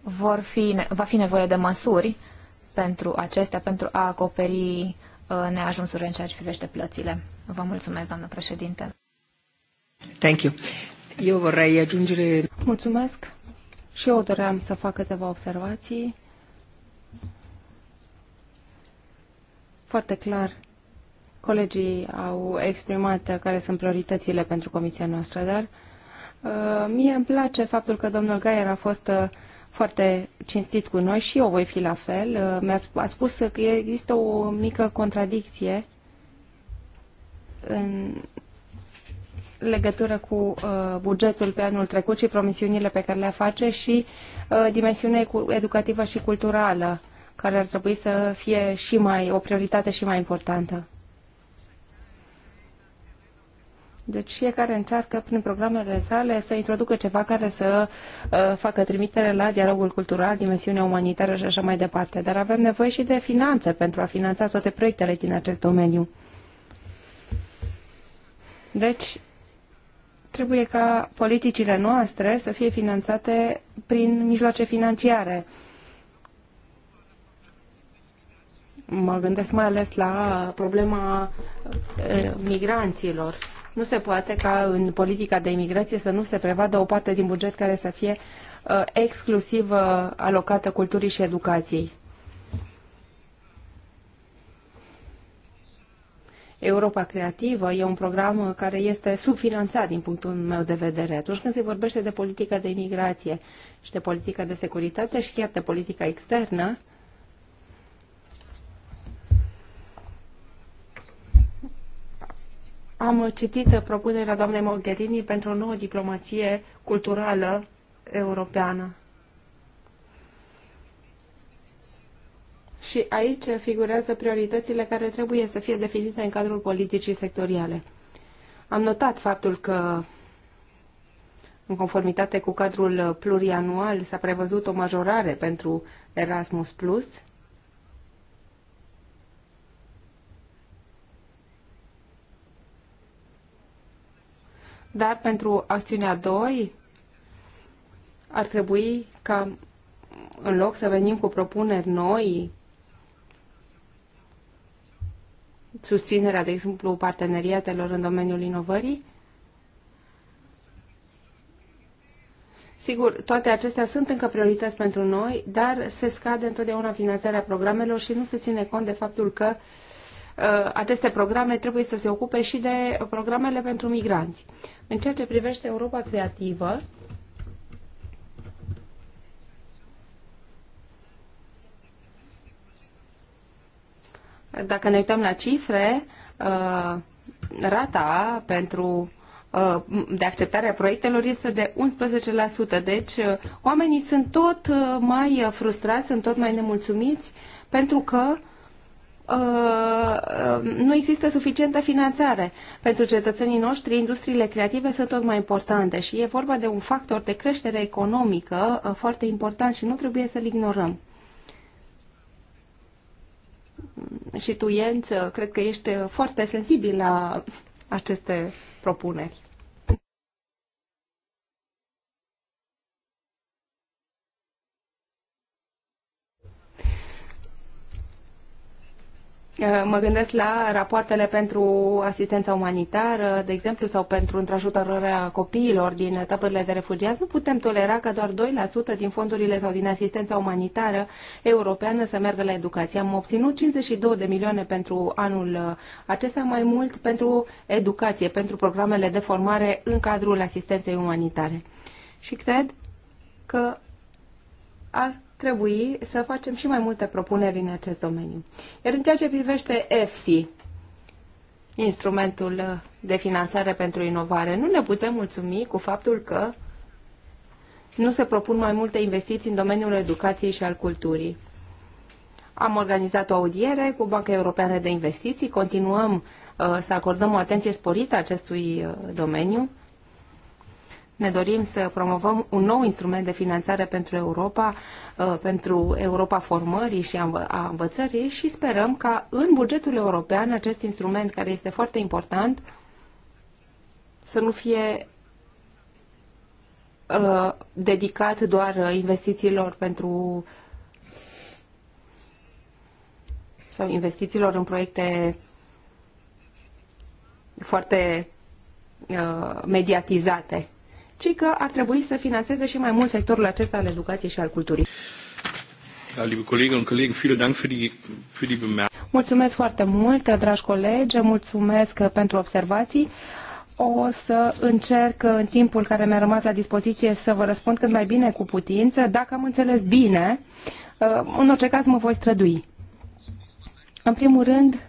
vor fi, va fi nevoie de măsuri pentru acestea, pentru a acoperi uh, neajunsurile în ceea ce privește plățile. Vă mulțumesc, doamnă președinte. Thank you. Eu vorrei aggiungere... Mulțumesc. Și eu doream să fac câteva observații. Foarte clar, Colegii au exprimat care sunt prioritățile pentru comisia noastră, dar uh, mie îmi place faptul că domnul Gaier a fost uh, foarte cinstit cu noi și eu voi fi la fel. Uh, Mi-ați a spus că există o mică contradicție în legătură cu uh, bugetul pe anul trecut și promisiunile pe care le face și uh, dimensiunea educativă și culturală, care ar trebui să fie și mai o prioritate și mai importantă. Deci fiecare încearcă prin programele sale să introducă ceva care să uh, facă trimitere la dialogul cultural, dimensiunea umanitară și așa mai departe. Dar avem nevoie și de finanțe pentru a finanța toate proiectele din acest domeniu. Deci, trebuie ca politicile noastre să fie finanțate prin mijloace financiare. Mă gândesc mai ales la problema uh, migranților nu se poate ca în politica de imigrație să nu se prevadă o parte din buget care să fie uh, exclusiv uh, alocată culturii și educației. Europa Creativă e un program uh, care este subfinanțat din punctul meu de vedere. Atunci când se vorbește de politică de imigrație și de politică de securitate și chiar de politica externă, Am citit propunerea doamnei Mogherini pentru o nouă diplomație culturală europeană. Și aici figurează prioritățile care trebuie să fie definite în cadrul politicii sectoriale. Am notat faptul că, în conformitate cu cadrul plurianual, s-a prevăzut o majorare pentru Erasmus+, Plus, dar pentru acțiunea 2 ar trebui ca în loc să venim cu propuneri noi, susținerea, de exemplu, parteneriatelor în domeniul inovării, Sigur, toate acestea sunt încă priorități pentru noi, dar se scade întotdeauna finanțarea programelor și nu se ține cont de faptul că uh, Uh, aceste programe trebuie să se ocupe și de programele pentru migranți. În ceea ce privește Europa Creativă, dacă ne uităm la cifre, uh, rata pentru uh, de acceptare a proiectelor este de 11%. Deci oamenii sunt tot mai frustrați, sunt tot mai nemulțumiți pentru că Uh, uh, nu există suficientă finanțare. Pentru cetățenii noștri, industriile creative sunt tot mai importante și e vorba de un factor de creștere economică uh, foarte important și nu trebuie să-l ignorăm. Și tu, Ienț, cred că ești foarte sensibil la aceste propuneri. Uh, mă gândesc la rapoartele pentru asistența umanitară, de exemplu, sau pentru întrajutorarea copiilor din tabărele de refugiați. Nu putem tolera ca doar 2% din fondurile sau din asistența umanitară europeană să meargă la educație. Am obținut 52 de milioane pentru anul acesta, mai mult pentru educație, pentru programele de formare în cadrul asistenței umanitare. Și cred că ar trebui să facem și mai multe propuneri în acest domeniu. Iar în ceea ce privește EFSI, instrumentul de finanțare pentru inovare, nu ne putem mulțumi cu faptul că nu se propun mai multe investiții în domeniul educației și al culturii. Am organizat o audiere cu Banca Europeană de Investiții, continuăm uh, să acordăm o atenție sporită acestui uh, domeniu ne dorim să promovăm un nou instrument de finanțare pentru Europa, uh, pentru Europa formării și a învățării și sperăm ca în bugetul european acest instrument, care este foarte important, să nu fie uh, dedicat doar uh, investițiilor pentru sau investițiilor în proiecte foarte uh, mediatizate ci că ar trebui să finanțeze și mai mult sectorul acesta al educației și al culturii. Mulțumesc foarte mult, dragi colegi, mulțumesc pentru observații. O să încerc în timpul care mi-a rămas la dispoziție să vă răspund cât mai bine cu putință, dacă am înțeles bine, în orice caz mă voi strădui. În primul rând,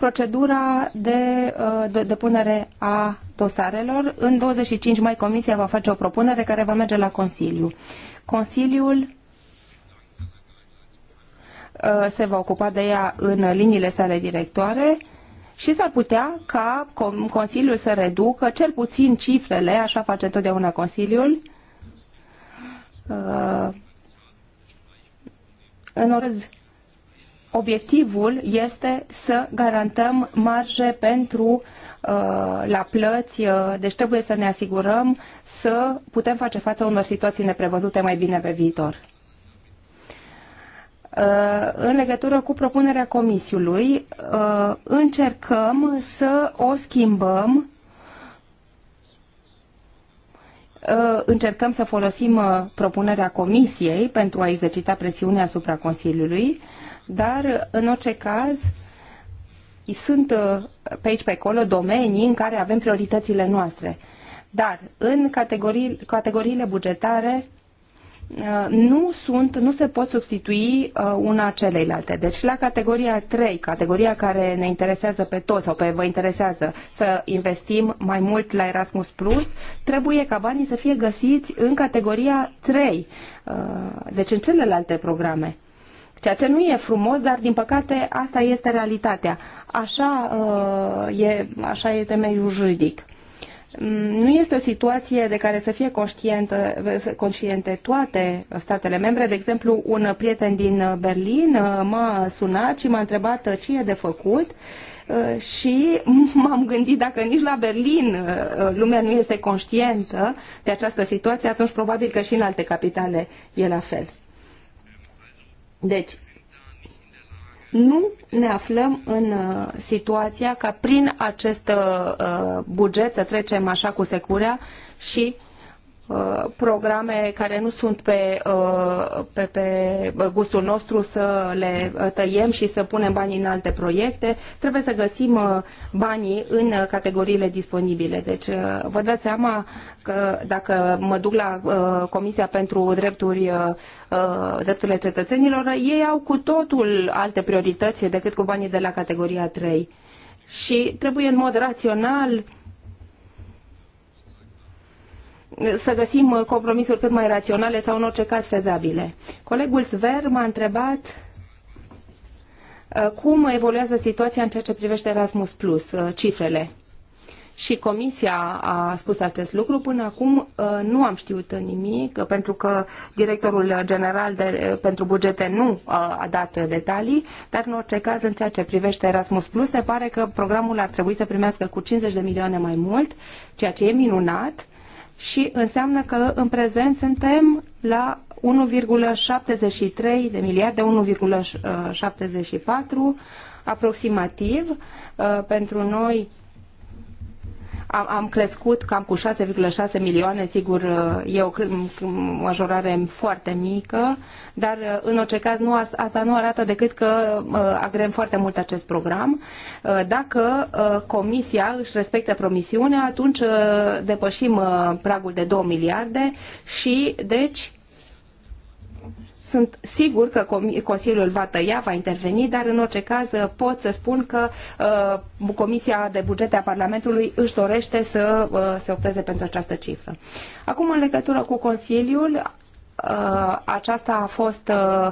procedura de uh, depunere a dosarelor. În 25 mai Comisia va face o propunere care va merge la Consiliu. Consiliul uh, se va ocupa de ea în liniile sale directoare și s-ar putea ca Consiliul să reducă cel puțin cifrele, așa face totdeauna Consiliul, uh, în orez obiectivul este să garantăm marje pentru uh, la plăți, uh, deci trebuie să ne asigurăm să putem face față unor situații neprevăzute mai bine pe viitor. Uh, în legătură cu propunerea comisiului, încercăm să o schimbăm încercăm să folosim propunerea Comisiei pentru a exercita presiunea asupra Consiliului dar în orice caz sunt uh, pe aici pe acolo domenii în care avem prioritățile noastre. Dar în categorii, categoriile bugetare uh, nu sunt, nu se pot substitui uh, una celeilalte. Deci la categoria 3, categoria care ne interesează pe toți sau pe vă interesează să investim mai mult la Erasmus Plus, trebuie ca banii să fie găsiți în categoria 3, deci în celelalte programe ceea ce nu e frumos, dar din păcate asta este realitatea. Așa, uh, e, așa e temeiul juridic. Mm, nu este o situație de care să fie conștiente toate statele membre. De exemplu, un prieten din Berlin uh, m-a sunat și m-a întrebat uh, ce e de făcut și m-am gândit dacă nici la Berlin lumea nu este conștientă de această situație, atunci probabil că și în alte capitale e la fel. Deci, nu ne aflăm în uh, situația ca prin acest uh, buget să trecem așa cu securea și Uh, programe care nu sunt pe, uh, pe, pe gustul nostru să le tăiem și să punem banii în alte proiecte. Trebuie să găsim uh, banii în categoriile disponibile. Deci vă dați seama că dacă mă duc la Comisia pentru drepturi, Drepturile Cetățenilor, ei au cu totul alte priorități decât cu banii de la categoria 3. Și trebuie în mod rațional să găsim uh, compromisuri cât mai raționale sau în orice caz fezabile. Colegul Sver m-a întrebat uh, cum evoluează situația în ceea ce privește Erasmus Plus, uh, cifrele. Și comisia a spus acest lucru. Până acum nu am știut nimic, pentru că directorul general de, pentru bugete nu a dat detalii, dar în orice caz, în ceea ce privește Erasmus Plus, se pare că programul ar trebui să primească cu 50 de milioane mai mult, ceea ce e minunat, și înseamnă că în prezent suntem la 1,73 de miliarde, 1,74 aproximativ. Uh, pentru noi am, am crescut cam cu 6,6 milioane, sigur uh, e o majorare foarte mică, dar uh, în orice caz nu, asta nu arată decât că uh, agrem foarte mult acest program. Dacă Comisia își respectă promisiunea, atunci depășim pragul de 2 miliarde și deci sunt sigur că Consiliul va tăia, va interveni, dar în orice caz uh, pot să spun că uh, Comisia de Bugete a Parlamentului își dorește să uh, se opteze pentru această cifră. Acum, în legătură cu Consiliul, uh, aceasta a fost uh, uh,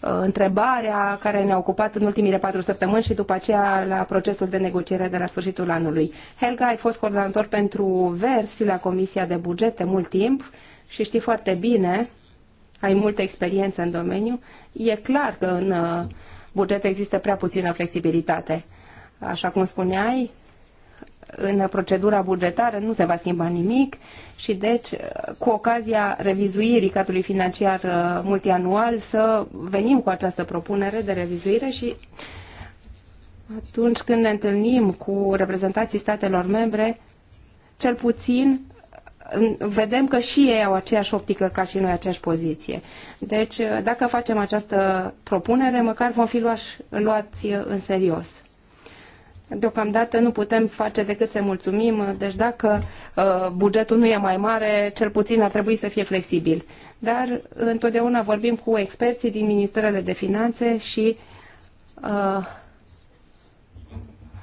întrebarea care ne-a ocupat în ultimile patru săptămâni și după aceea la procesul de negociere de la sfârșitul anului. Helga, ai fost coordonator pentru versi la Comisia de Bugete mult timp și știi foarte bine ai multă experiență în domeniu, e clar că în uh, buget există prea puțină flexibilitate. Așa cum spuneai, în procedura bugetară nu se va schimba nimic și deci cu ocazia revizuirii cadrului financiar uh, multianual să venim cu această propunere de revizuire și atunci când ne întâlnim cu reprezentanții statelor membre, cel puțin vedem că și ei au aceeași optică ca și noi, aceeași poziție. Deci, dacă facem această propunere, măcar vom fi luași, luați în serios. Deocamdată nu putem face decât să mulțumim, deci dacă uh, bugetul nu e mai mare, cel puțin ar trebui să fie flexibil. Dar întotdeauna vorbim cu experții din Ministerele de Finanțe și uh,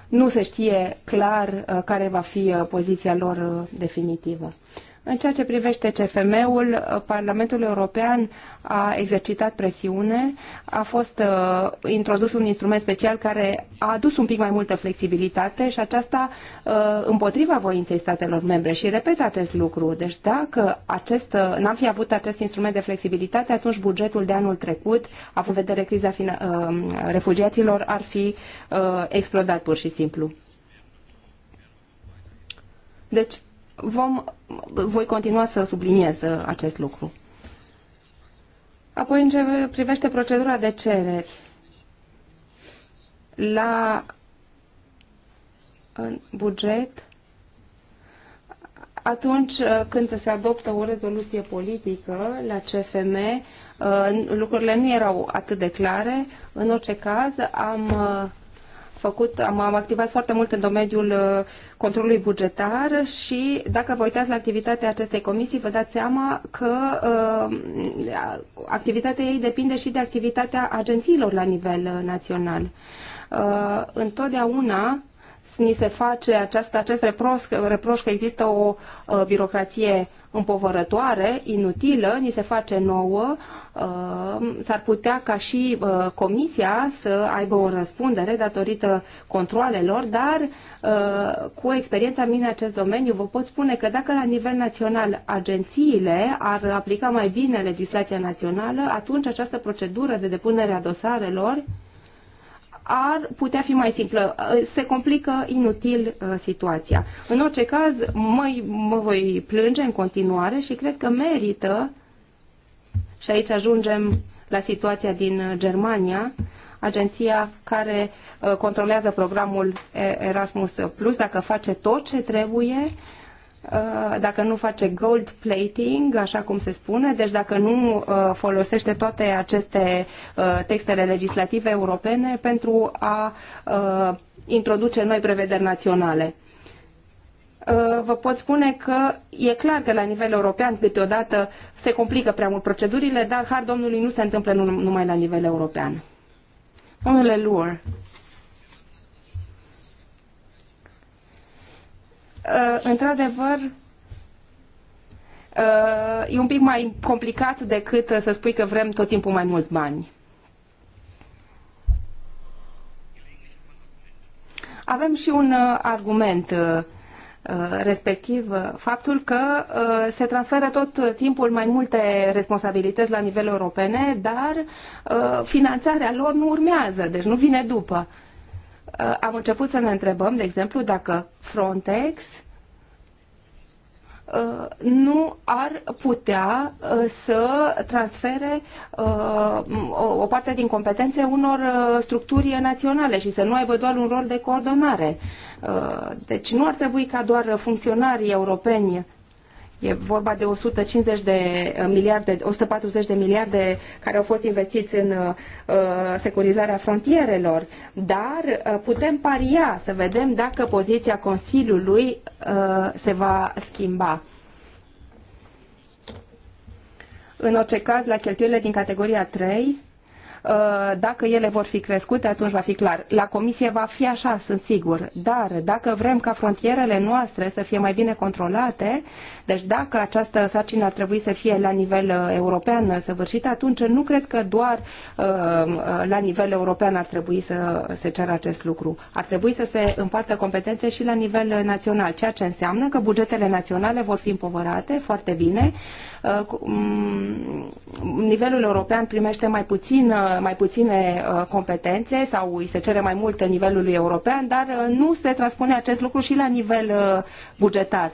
nu se știe clar uh, care va fi uh, poziția lor uh, definitivă. În ceea ce privește CFM-ul, Parlamentul European a exercitat presiune, a fost uh, introdus un instrument special care a adus un pic mai multă flexibilitate și aceasta uh, împotriva voinței statelor membre. Și repet acest lucru. Deci dacă acest, uh, n-am fi avut acest instrument de flexibilitate, atunci bugetul de anul trecut, având fost vedere criza fina- uh, refugiaților, ar fi uh, explodat pur și simplu. Deci, vom, voi continua să subliniez uh, acest lucru. Apoi, în ce privește procedura de cereri, la în buget, atunci uh, când se adoptă o rezoluție politică la CFM, uh, lucrurile nu erau atât de clare. În orice caz, am făcut, am, am activat foarte mult în domeniul uh, controlului bugetar și dacă vă uitați la activitatea acestei comisii, vă dați seama că uh, activitatea ei depinde și de activitatea agențiilor la nivel uh, național. Uh, întotdeauna ni se face acest, acest reproș, reproș că există o uh, birocrație împovărătoare, inutilă, ni se face nouă, uh, Uh, s-ar putea ca și uh, comisia să aibă o răspundere datorită controalelor, dar uh, cu experiența mea în acest domeniu vă pot spune că dacă la nivel național agențiile ar aplica mai bine legislația națională, atunci această procedură de depunere a dosarelor ar putea fi mai simplă. Se complică inutil situația. În orice caz, mă, mă voi plânge în continuare și cred că merită uh, și aici ajungem la situația din uh, Germania, agenția care uh, controlează programul Erasmus Plus, dacă face tot ce trebuie, uh, dacă nu face gold plating, așa cum se spune, deci dacă nu folosește toate aceste textele legislative europene pentru a introduce noi prevederi naționale. Uh, vă pot spune că e clar că la nivel european câteodată se complică prea mult procedurile, dar har Domnului nu se întâmplă numai la nivel european. Domnule Luor. Uh, într-adevăr, uh, e un pic mai complicat decât să spui că vrem tot timpul mai mulți bani. Avem și un argument Uh, respectiv uh, faptul că uh, se transferă tot timpul mai multe responsabilități la nivel europene, dar finanțarea lor nu urmează, deci nu vine după. Am început să ne întrebăm, de exemplu, dacă Frontex Uh, nu ar putea uh, să transfere uh, o parte din competențe unor structuri naționale și să nu aibă doar un rol de coordonare. Deci nu ar trebui ca doar funcționarii europeni E vorba de 150 de eh, miliarde, 140 de miliarde care au fost investiți în uh, securizarea frontierelor, dar uh, putem paria să vedem dacă poziția Consiliului uh, se va schimba. În orice caz, la cheltuielile din categoria 3, Uh, dacă ele vor fi crescute, atunci va fi clar. La comisie va fi așa, sunt sigur. Dar dacă vrem ca frontierele noastre să fie mai bine controlate, deci dacă această sarcină ar trebui să fie la nivel uh, european săvârșită, atunci nu cred că doar uh, la nivel european ar trebui să se ceară acest lucru. Ar trebui să se împartă competențe și la nivel național, ceea ce înseamnă că bugetele naționale vor fi împovărate foarte bine. Mm, nivelul european primește mai puțin mai puține uh, competențe sau îi se cere mai mult nivelului european, dar uh, nu se transpune acest lucru și la nivel uh, bugetar.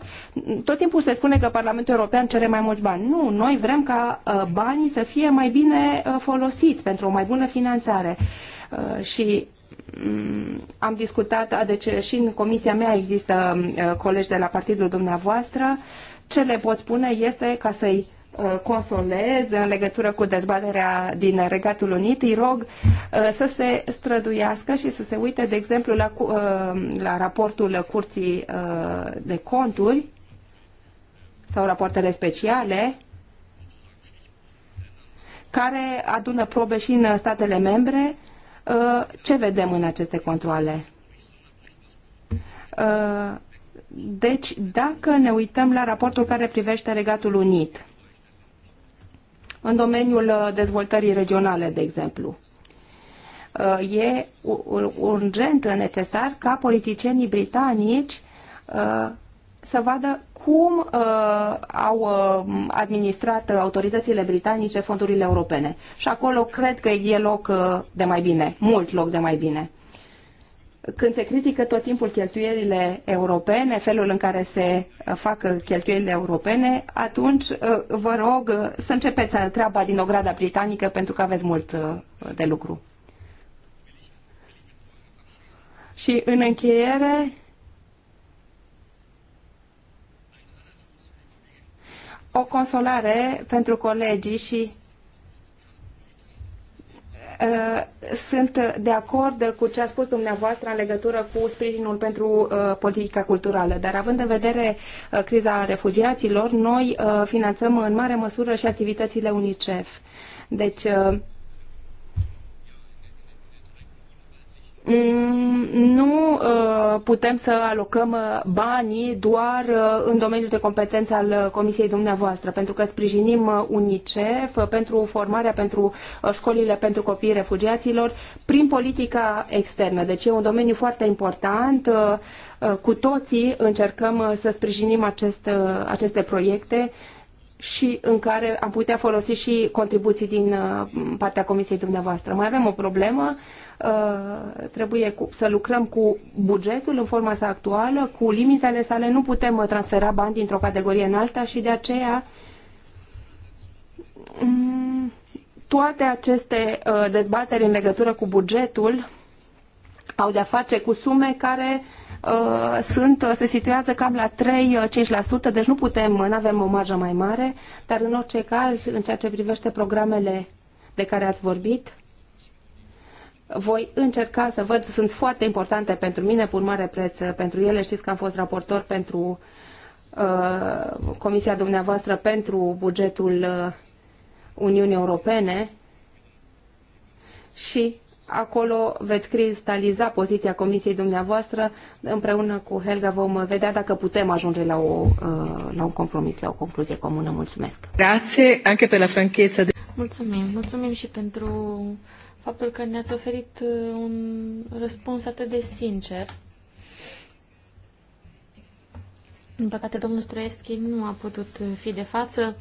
Tot timpul se spune că Parlamentul European cere mai mulți bani. Nu, noi vrem ca banii să fie mai bine folosiți pentru o mai bună finanțare. Și mm, am discutat, deci și în comisia mea există colegi de la partidul dumneavoastră, ce le pot spune este ca să-i Uh, consolez în legătură cu dezbaterea din Regatul Unit, îi rog uh, să se străduiască și să se uite, de exemplu, la, uh, la raportul Curții de Conturi sau rapoartele speciale care adună probe și în statele membre. Ce vedem în aceste controle? Deci, dacă ne uităm la raportul care privește Regatul Unit, în domeniul uh, dezvoltării regionale, de exemplu. Uh, e urgent, uh, necesar ca politicienii britanici să vadă cum uh, au uh, administrat autoritățile britanice fondurile europene. Și acolo cred că e loc uh, de mai bine, mult loc de mai bine când se critică tot timpul cheltuielile europene, felul în care se uh, fac uh, cheltuielile europene, atunci uh, vă rog să începeți treaba din ograda britanică pentru că aveți mult de lucru. Și în încheiere, o consolare pentru colegii și Uh, sunt de acord cu ce a spus dumneavoastră în legătură cu sprijinul pentru uh, politica culturală, dar având în vedere uh, criza refugiaților, noi finanțăm în mare măsură și activitățile UNICEF. Deci, Mm, nu uh, putem să alocăm uh, banii doar uh, în domeniul de competență al Comisiei dumneavoastră, pentru că sprijinim UNICEF pentru formarea pentru școlile pentru copiii refugiaților prin politica externă. Deci e un domeniu foarte important. Cu toții încercăm să sprijinim aceste aceste proiecte și în care am putea folosi și contribuții din uh, partea comisiei dumneavoastră. Mai avem o problemă, uh, trebuie să lucrăm cu bugetul în forma sa actuală, cu limitele sale, nu putem uh, transfera bani dintr-o categorie în alta și de aceea mm, toate aceste dezbateri în legătură cu bugetul au de-a face cu sume care uh, sunt, uh, se situează cam la 3-5%, uh, deci nu putem, nu avem o marjă mai mare, dar în orice caz, în ceea ce privește programele de care ați vorbit, voi încerca să văd, sunt foarte importante pentru mine, pur mare preț pentru ele, știți că am fost raportor pentru uh, Comisia dumneavoastră pentru bugetul uh, Uniunii Europene și Acolo veți cristaliza poziția comisiei dumneavoastră. Împreună cu Helga vom vedea dacă putem ajunge la, o, uh, la un compromis, la o concluzie comună. Mulțumesc! Grazie anche pe la franchezza. De... Mulțumim! Mulțumim și pentru faptul că ne-ați oferit uh, un răspuns atât de sincer. Din păcate, domnul Stroieschi nu a putut uh, fi de față.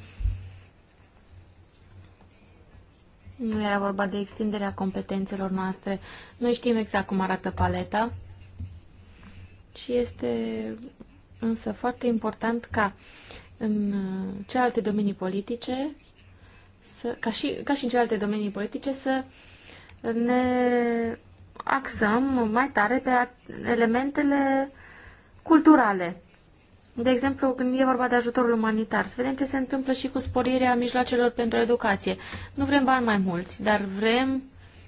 Nu era vorba de extinderea competențelor noastre. Noi știm exact cum arată paleta și este însă foarte important ca în celelalte domenii politice, să, ca, și, ca și în celelalte domenii politice, să ne axăm mai tare pe elementele culturale. De exemplu, când e vorba de ajutorul umanitar, să vedem ce se întâmplă și cu sporirea mijloacelor pentru educație. Nu vrem bani mai mulți, dar vrem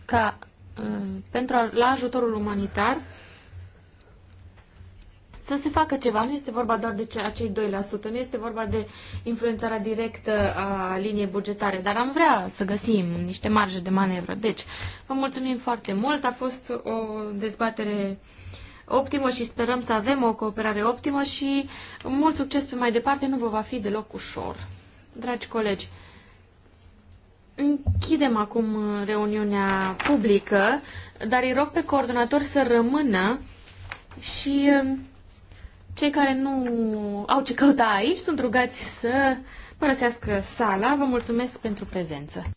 ca uh, pentru a, la ajutorul umanitar să se facă ceva. Nu este vorba doar de acei 2%, nu este vorba de influențarea directă a liniei bugetare, dar am vrea să găsim niște marje de manevră. Deci, vă mulțumim foarte mult. A fost o dezbatere uh, optimă și sperăm să avem o cooperare optimă și mult succes pe mai departe, nu vă va fi deloc ușor. Dragi colegi, închidem acum reuniunea publică, dar îi rog pe coordonator să rămână și um, cei care nu au ce căuta aici sunt rugați să părăsească sala. Vă mulțumesc pentru prezență.